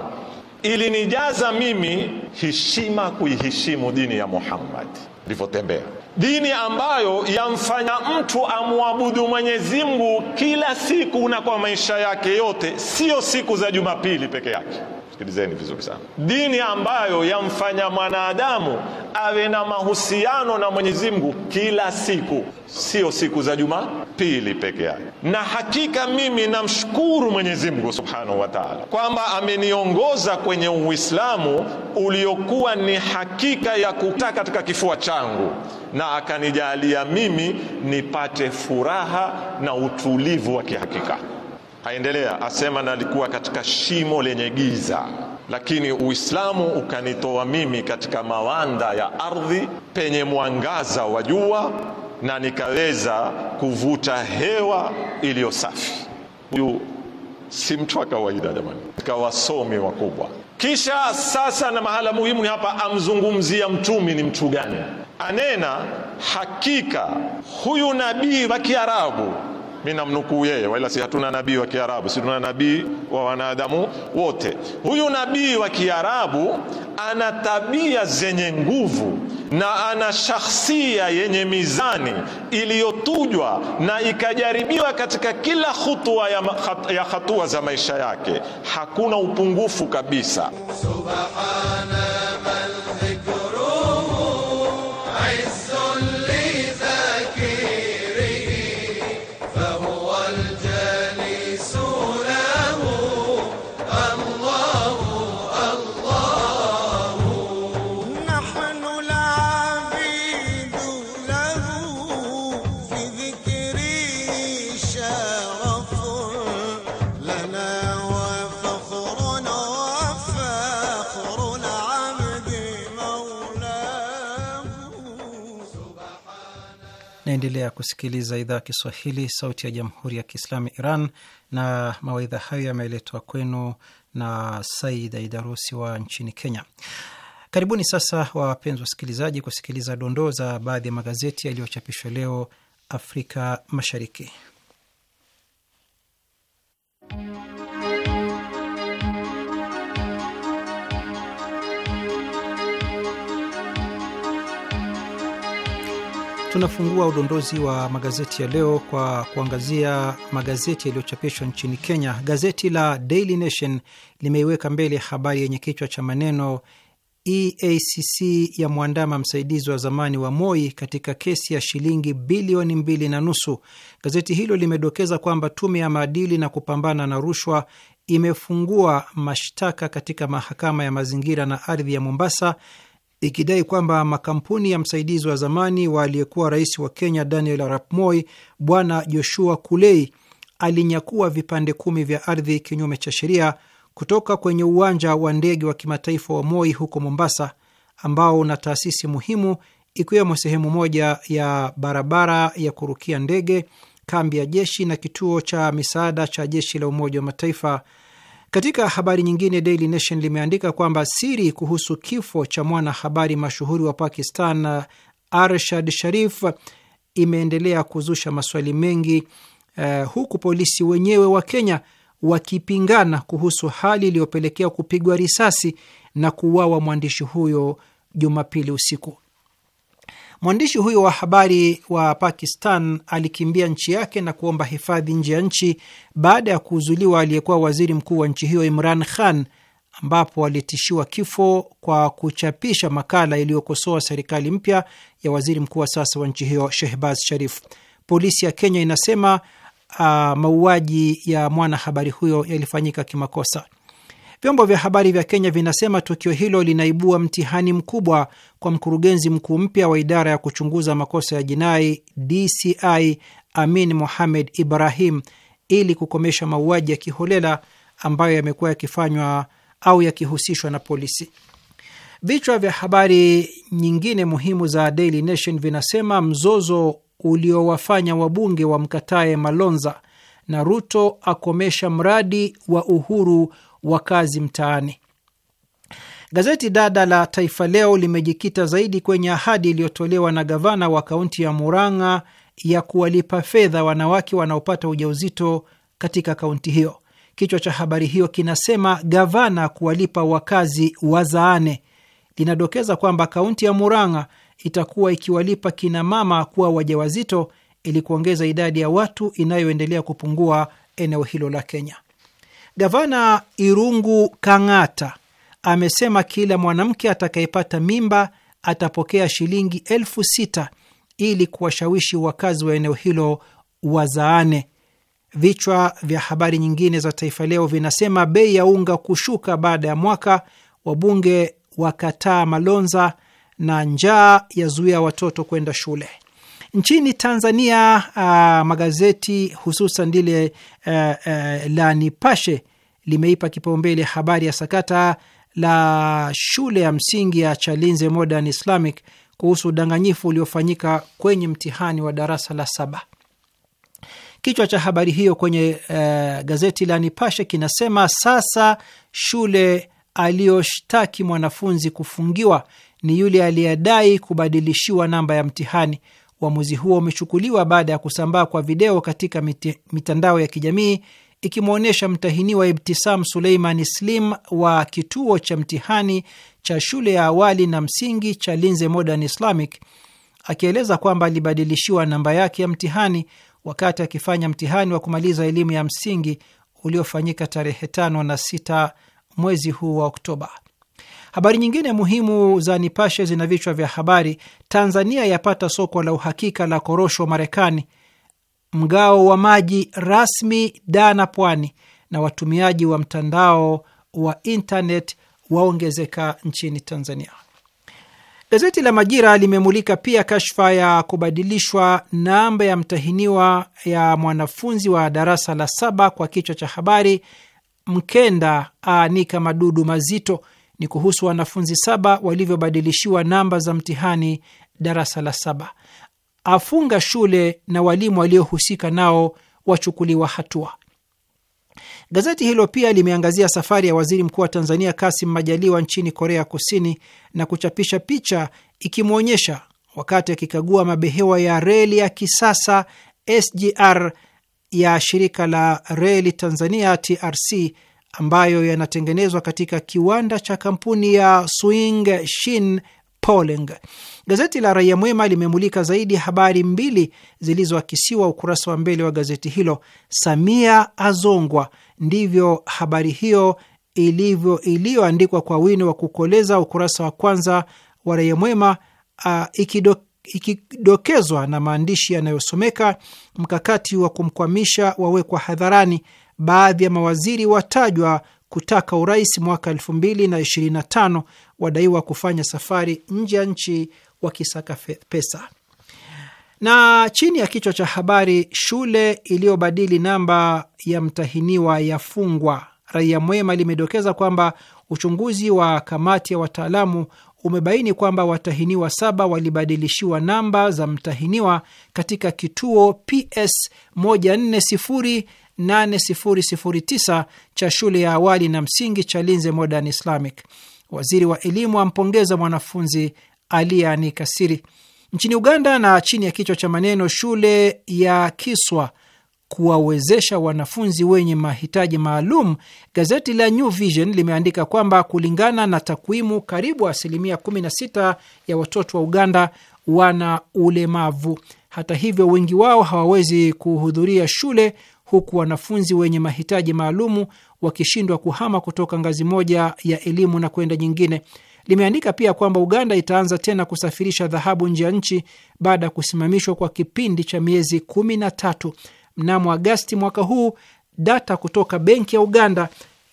[SPEAKER 5] ilinijaza mimi heshima kuiheshimu dini ya Muhammad. Nilivyotembea dini ambayo yamfanya mtu amwabudu Mwenyezi Mungu kila siku na kwa maisha yake yote, sio siku za Jumapili peke yake. Sikilizeni vizuri sana, dini ambayo yamfanya mwanadamu awe na mahusiano na Mwenyezi Mungu kila siku, sio siku za Jumapili peke yake. Na hakika mimi namshukuru Mwenyezi Mungu Subhanahu wa Ta'ala kwamba ameniongoza kwenye Uislamu uliokuwa ni hakika ya kutaka katika kifua changu na akanijalia mimi nipate furaha na utulivu wa kihakika. Aendelea asema, nalikuwa katika shimo lenye giza, lakini Uislamu ukanitoa mimi katika mawanda ya ardhi penye mwangaza wa jua, na nikaweza kuvuta hewa iliyo safi. Huyu si mtu wa kawaida jamani, katika wasomi wakubwa. Kisha sasa, na mahala muhimu ni hapa, amzungumzia mtumi ni mtu gani? Anena, hakika huyu nabii wa Kiarabu mimi namnukuu yeye, wala si hatuna nabii wa Kiarabu, si tuna nabii wa wanadamu wote. Huyu nabii wa Kiarabu ana tabia zenye nguvu na ana shakhsia yenye mizani iliyotujwa na ikajaribiwa katika kila hutua ya, ya hatua za maisha yake, hakuna upungufu kabisa Subhana
[SPEAKER 3] Mnaendelea kusikiliza idhaa ya Kiswahili, sauti ya jamhuri ya kiislamu Iran, na mawaidha hayo yameletwa kwenu na Said Aidarusi wa nchini Kenya. Karibuni sasa, wapenzi wasikilizaji, kusikiliza dondoo za baadhi ya magazeti yaliyochapishwa leo Afrika Mashariki. Tunafungua udondozi wa magazeti ya leo kwa kuangazia magazeti yaliyochapishwa nchini Kenya. Gazeti la Daily Nation limeiweka mbele habari yenye kichwa cha maneno EACC ya mwandama msaidizi wa zamani wa Moi katika kesi ya shilingi bilioni mbili na nusu. Gazeti hilo limedokeza kwamba tume ya maadili na kupambana na rushwa imefungua mashtaka katika mahakama ya mazingira na ardhi ya Mombasa ikidai kwamba makampuni ya msaidizi wa zamani wa aliyekuwa rais wa Kenya Daniel Arap Moi, Bwana Joshua Kulei alinyakua vipande kumi vya ardhi kinyume cha sheria kutoka kwenye uwanja wa ndege wa kimataifa wa Moi huko Mombasa, ambao una taasisi muhimu ikiwemo sehemu moja ya barabara ya kurukia ndege, kambi ya jeshi na kituo cha misaada cha jeshi la Umoja wa Mataifa katika habari nyingine, Daily Nation limeandika kwamba siri kuhusu kifo cha mwanahabari mashuhuri wa Pakistan Arshad Sharif imeendelea kuzusha maswali mengi uh, huku polisi wenyewe wa Kenya wakipingana kuhusu hali iliyopelekea kupigwa risasi na kuuawa mwandishi huyo Jumapili usiku. Mwandishi huyo wa habari wa Pakistan alikimbia nchi yake na kuomba hifadhi nje ya nchi baada ya kuuzuliwa aliyekuwa waziri mkuu wa nchi hiyo Imran Khan, ambapo alitishiwa kifo kwa kuchapisha makala iliyokosoa serikali mpya ya waziri mkuu wa sasa wa nchi hiyo Shehbaz Sharif. Polisi ya Kenya inasema uh, mauaji ya mwanahabari huyo yalifanyika kimakosa. Vyombo vya habari vya Kenya vinasema tukio hilo linaibua mtihani mkubwa kwa mkurugenzi mkuu mpya wa idara ya kuchunguza makosa ya jinai DCI Amin Mohamed Ibrahim ili kukomesha mauaji ya kiholela ambayo yamekuwa yakifanywa au yakihusishwa na polisi. Vichwa vya habari nyingine muhimu za Daily Nation vinasema mzozo uliowafanya wabunge wa mkatae Malonza na Ruto akomesha mradi wa uhuru wa kazi mtaani. Gazeti dada la Taifa Leo limejikita zaidi kwenye ahadi iliyotolewa na gavana wa kaunti ya Murang'a ya kuwalipa fedha wanawake wanaopata ujauzito katika kaunti hiyo. Kichwa cha habari hiyo kinasema gavana kuwalipa wakazi wazaane. Linadokeza kwamba kaunti ya Murang'a itakuwa ikiwalipa kinamama kuwa wajawazito ili kuongeza idadi ya watu inayoendelea kupungua eneo hilo la Kenya. Gavana Irungu Kang'ata amesema kila mwanamke atakayepata mimba atapokea shilingi elfu sita ili kuwashawishi wakazi wa eneo hilo wazaane. Vichwa vya habari nyingine za Taifa Leo vinasema bei ya unga kushuka baada ya mwaka, wabunge wakataa malonza, na njaa yazuia watoto kwenda shule. Nchini Tanzania, uh, magazeti hususan lile eh, eh, la Nipashe limeipa kipaumbele habari ya sakata la shule ya msingi ya Chalinze Modern Islamic kuhusu udanganyifu uliofanyika kwenye mtihani wa darasa la saba. Kichwa cha habari hiyo kwenye uh, gazeti la Nipashe kinasema sasa shule aliyoshtaki mwanafunzi kufungiwa ni yule aliyedai kubadilishiwa namba ya mtihani. Uamuzi huo umechukuliwa baada ya kusambaa kwa video katika mitandao ya kijamii ikimwonyesha mtahiniwa Ibtisam Suleiman Slim wa kituo cha mtihani cha shule ya awali na msingi cha Linze Modern Islamic akieleza kwamba alibadilishiwa namba yake ya mtihani wakati akifanya mtihani wa kumaliza elimu ya msingi uliofanyika tarehe tano na sita mwezi huu wa Oktoba. Habari nyingine muhimu za Nipashe zina vichwa vya habari: Tanzania yapata soko la uhakika la korosho Marekani, mgao wa maji rasmi Dar na Pwani na watumiaji wa mtandao wa intnet waongezeka nchini Tanzania. Gazeti la Majira limemulika pia kashfa ya kubadilishwa namba ya mtahiniwa ya mwanafunzi wa darasa la saba kwa kichwa cha habari Mkenda aanika madudu mazito. Ni kuhusu wanafunzi saba walivyobadilishiwa namba za mtihani darasa la saba afunga shule na walimu waliohusika nao wachukuliwa hatua. Gazeti hilo pia limeangazia safari ya waziri mkuu wa Tanzania Kasim Majaliwa nchini Korea Kusini na kuchapisha picha ikimwonyesha wakati akikagua mabehewa ya reli ya kisasa SGR ya shirika la reli Tanzania TRC ambayo yanatengenezwa katika kiwanda cha kampuni ya Swing Shin Poling. Gazeti la Raia Mwema limemulika zaidi habari mbili zilizoakisiwa ukurasa wa mbele wa gazeti hilo. Samia azongwa, ndivyo habari hiyo ilivyo iliyoandikwa kwa wino wa kukoleza ukurasa wa kwanza wa Raia Mwema, uh, ikido, ikidokezwa na maandishi yanayosomeka mkakati wa kumkwamisha wawekwa hadharani, baadhi ya mawaziri watajwa kutaka urais mwaka 2025 wadaiwa kufanya safari nje ya nchi wakisaka pesa. Na chini ya kichwa cha habari, shule iliyobadili namba ya mtahiniwa yafungwa, Raia Mwema limedokeza kwamba uchunguzi wa kamati ya wataalamu umebaini kwamba watahiniwa saba walibadilishiwa namba za mtahiniwa katika kituo PS 14080009 cha shule ya awali na msingi cha linze Modern Islamic. Waziri wa elimu ampongeza mwanafunzi aliyeanika siri. Nchini Uganda, na chini ya kichwa cha maneno shule ya Kiswa kuwawezesha wanafunzi wenye mahitaji maalum, gazeti la New Vision limeandika kwamba kulingana na takwimu, karibu asilimia 16 ya watoto wa Uganda wana ulemavu. Hata hivyo, wengi wao hawawezi kuhudhuria shule huku wanafunzi wenye mahitaji maalumu wakishindwa kuhama kutoka ngazi moja ya elimu na kwenda nyingine. Limeandika pia kwamba Uganda itaanza tena kusafirisha dhahabu nje ya nchi baada ya kusimamishwa kwa kipindi cha miezi kumi na tatu. Mnamo Agasti mwaka huu, data kutoka benki ya Uganda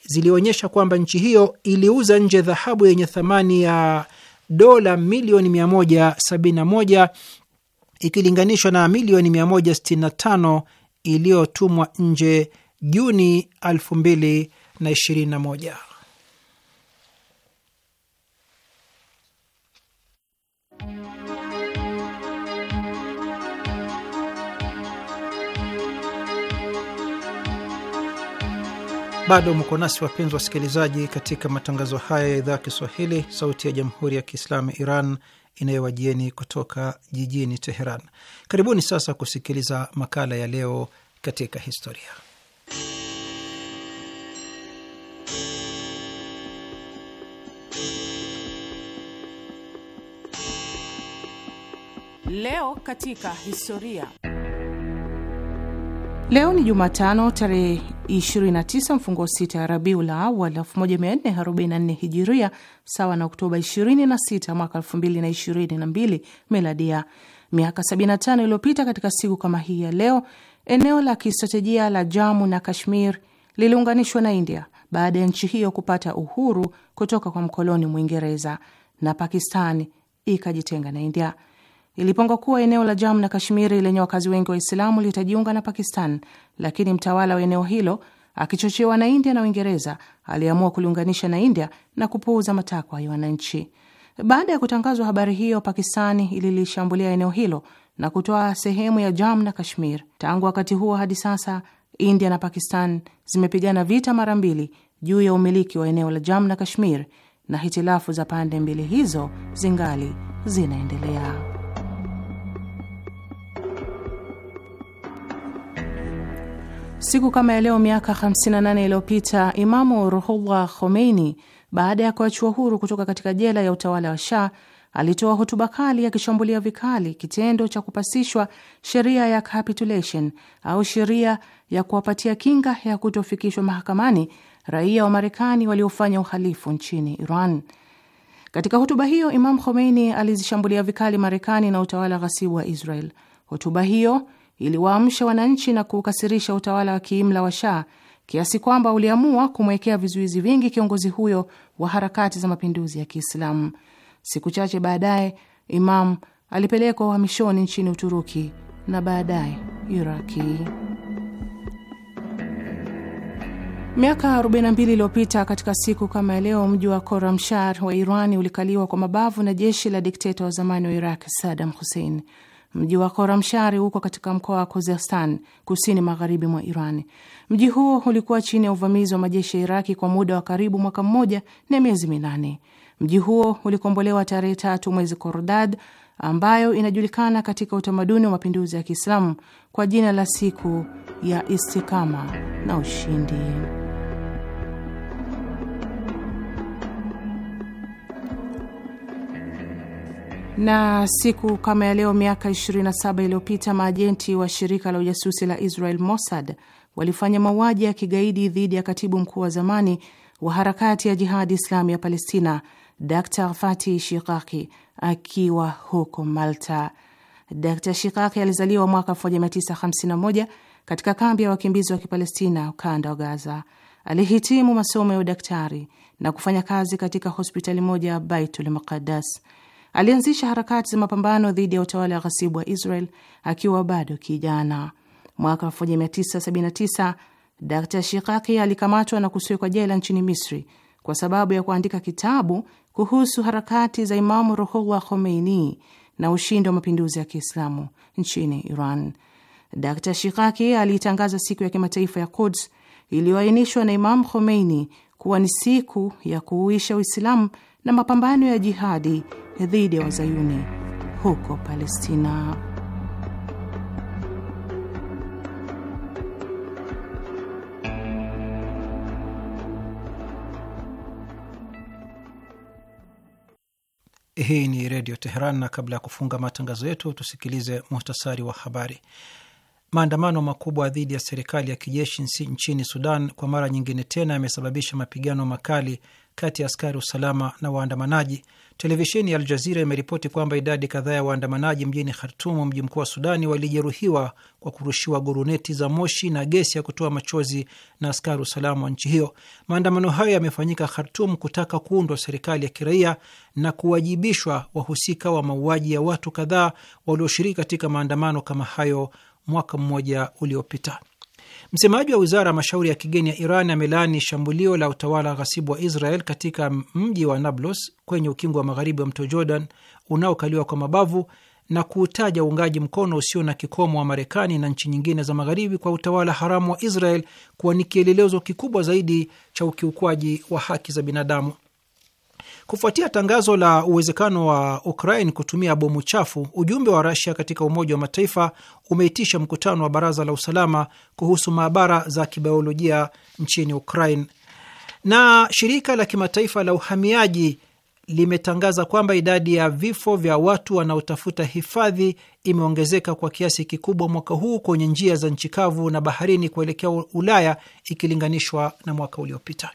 [SPEAKER 3] zilionyesha kwamba nchi hiyo iliuza nje dhahabu yenye thamani ya dola milioni 171 ikilinganishwa na milioni 165 iliyotumwa nje Juni 2021. Bado mko nasi wapenzi wasikilizaji, katika matangazo haya ya idhaa ya Kiswahili, sauti ya jamhuri ya kiislamu ya Iran inayowajieni kutoka jijini Teheran. Karibuni sasa kusikiliza makala ya leo katika historia.
[SPEAKER 6] Leo katika historia Leo ni Jumatano tarehe 29 mfungo 6 Rabiul Awal 1444 Hijiria, sawa na Oktoba 26 mwaka 2022 Meladia. Miaka 75 iliyopita katika siku kama hii ya leo, eneo la kistratejia la Jamu na Kashmir liliunganishwa na India baada ya nchi hiyo kupata uhuru kutoka kwa mkoloni Mwingereza, na Pakistani ikajitenga na India. Ilipangwa kuwa eneo la Jamu na Kashmiri lenye wakazi wengi Waislamu litajiunga na Pakistan, lakini mtawala wa eneo hilo akichochewa na India na Uingereza aliamua kuliunganisha na India na kupuuza matakwa ya wananchi. Baada ya kutangazwa habari hiyo, Pakistani ililishambulia eneo hilo na kutoa sehemu ya Jamu na Kashmir. Tangu wakati huo hadi sasa, India na Pakistan zimepigana vita mara mbili juu ya umiliki wa eneo la Jamu na Kashmir, na hitilafu za pande mbili hizo zingali zinaendelea. Siku kama ya leo miaka 58 iliyopita Imamu Ruhullah Khomeini, baada ya kuachiwa huru kutoka katika jela ya utawala wa Shah, alitoa hotuba kali akishambulia vikali kitendo cha kupasishwa sheria ya capitulation au sheria ya kuwapatia kinga ya kutofikishwa mahakamani raia wa Marekani waliofanya uhalifu nchini Iran. Katika hotuba hiyo, Imam Khomeini alizishambulia vikali Marekani na utawala ghasibu wa Israel. Hotuba hiyo iliwaamsha wananchi na kuukasirisha utawala wa kiimla wa Shah kiasi kwamba uliamua kumwekea vizuizi vingi kiongozi huyo wa harakati za mapinduzi ya Kiislamu. Siku chache baadaye, Imam alipelekwa uhamishoni nchini Uturuki na baadaye Iraki. Miaka 42 iliyopita katika siku kama leo, mji wa Koramshar wa Irani ulikaliwa kwa mabavu na jeshi la dikteta wa zamani wa Iraq Saddam Hussein. Mji wa Koramshari uko katika mkoa wa Khuzestan, kusini magharibi mwa Iran. Mji huo ulikuwa chini ya uvamizi wa majeshi ya Iraki kwa muda wa karibu mwaka mmoja na miezi minane. Mji huo ulikombolewa tarehe tatu mwezi Kordad, ambayo inajulikana katika utamaduni wa mapinduzi ya Kiislamu kwa jina la siku ya Istikama na ushindi. Na siku kama ya leo miaka 27 iliyopita maajenti wa shirika la ujasusi la Israel Mossad walifanya mauaji ya kigaidi dhidi ya katibu mkuu wa zamani wa harakati ya Jihadi Islami ya Palestina Dr Fati Shikaki akiwa huko Malta. Dr Shikaki alizaliwa mwaka 1951 katika kambi ya wakimbizi wa Kipalestina, ukanda wa Gaza. Alihitimu masomo ya udaktari na kufanya kazi katika hospitali moja ya Baitul Muqaddas. Alianzisha harakati za mapambano dhidi ya utawala wa ghasibu wa Israel akiwa bado kijana. Mwaka 1979 Dr Shikaki alikamatwa na kusiwekwa jela nchini Misri kwa sababu ya kuandika kitabu kuhusu harakati za Imamu Ruhollah Khomeini na ushindi wa mapinduzi ya Kiislamu nchini Iran. Dr Shikaki aliitangaza siku ya kimataifa ya Quds iliyoainishwa na Imamu Khomeini kuwa ni siku ya kuuisha Uislamu na mapambano ya jihadi dhidi ya wazayuni huko Palestina.
[SPEAKER 3] Hii ni Redio Teheran, na kabla ya kufunga matangazo yetu tusikilize muhtasari wa habari. Maandamano makubwa dhidi ya serikali ya kijeshi nchini Sudan kwa mara nyingine tena yamesababisha mapigano makali kati ya askari usalama na waandamanaji. Televisheni ya Aljazira imeripoti kwamba idadi kadhaa ya waandamanaji mjini Khartumu, mji mkuu wa Sudani, walijeruhiwa kwa kurushiwa guruneti za moshi na gesi ya kutoa machozi na askari usalama wa nchi hiyo. Maandamano hayo yamefanyika Khartum kutaka kuundwa serikali ya kiraia na kuwajibishwa wahusika wa mauaji ya watu kadhaa walioshiriki katika maandamano kama hayo mwaka mmoja uliopita. Msemaji wa wizara ya mashauri ya kigeni ya Iran amelaani shambulio la utawala ghasibu wa Israel katika mji wa Nablus kwenye ukingo wa magharibi wa mto Jordan unaokaliwa kwa mabavu na kuutaja uungaji mkono usio na kikomo wa Marekani na nchi nyingine za magharibi kwa utawala haramu wa Israel kuwa ni kielelezo kikubwa zaidi cha ukiukwaji wa haki za binadamu. Kufuatia tangazo la uwezekano wa Ukraine kutumia bomu chafu, ujumbe wa Rasia katika Umoja wa Mataifa umeitisha mkutano wa Baraza la Usalama kuhusu maabara za kibiolojia nchini Ukraine. Na shirika la kimataifa la uhamiaji limetangaza kwamba idadi ya vifo vya watu wanaotafuta hifadhi imeongezeka kwa kiasi kikubwa mwaka huu kwenye njia za nchi kavu na baharini kuelekea Ulaya ikilinganishwa na mwaka uliopita.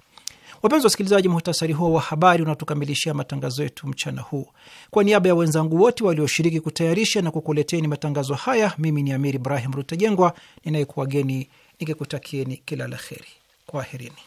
[SPEAKER 3] Wapenzi wasikilizaji, muhtasari huo wa habari unatukamilishia matangazo yetu mchana huu. Kwa niaba ya wenzangu wote walioshiriki kutayarisha na kukuleteni matangazo haya, mimi ni Amir Ibrahim Rutajengwa ninayekuwageni nikikutakieni kila la heri. Kwaherini.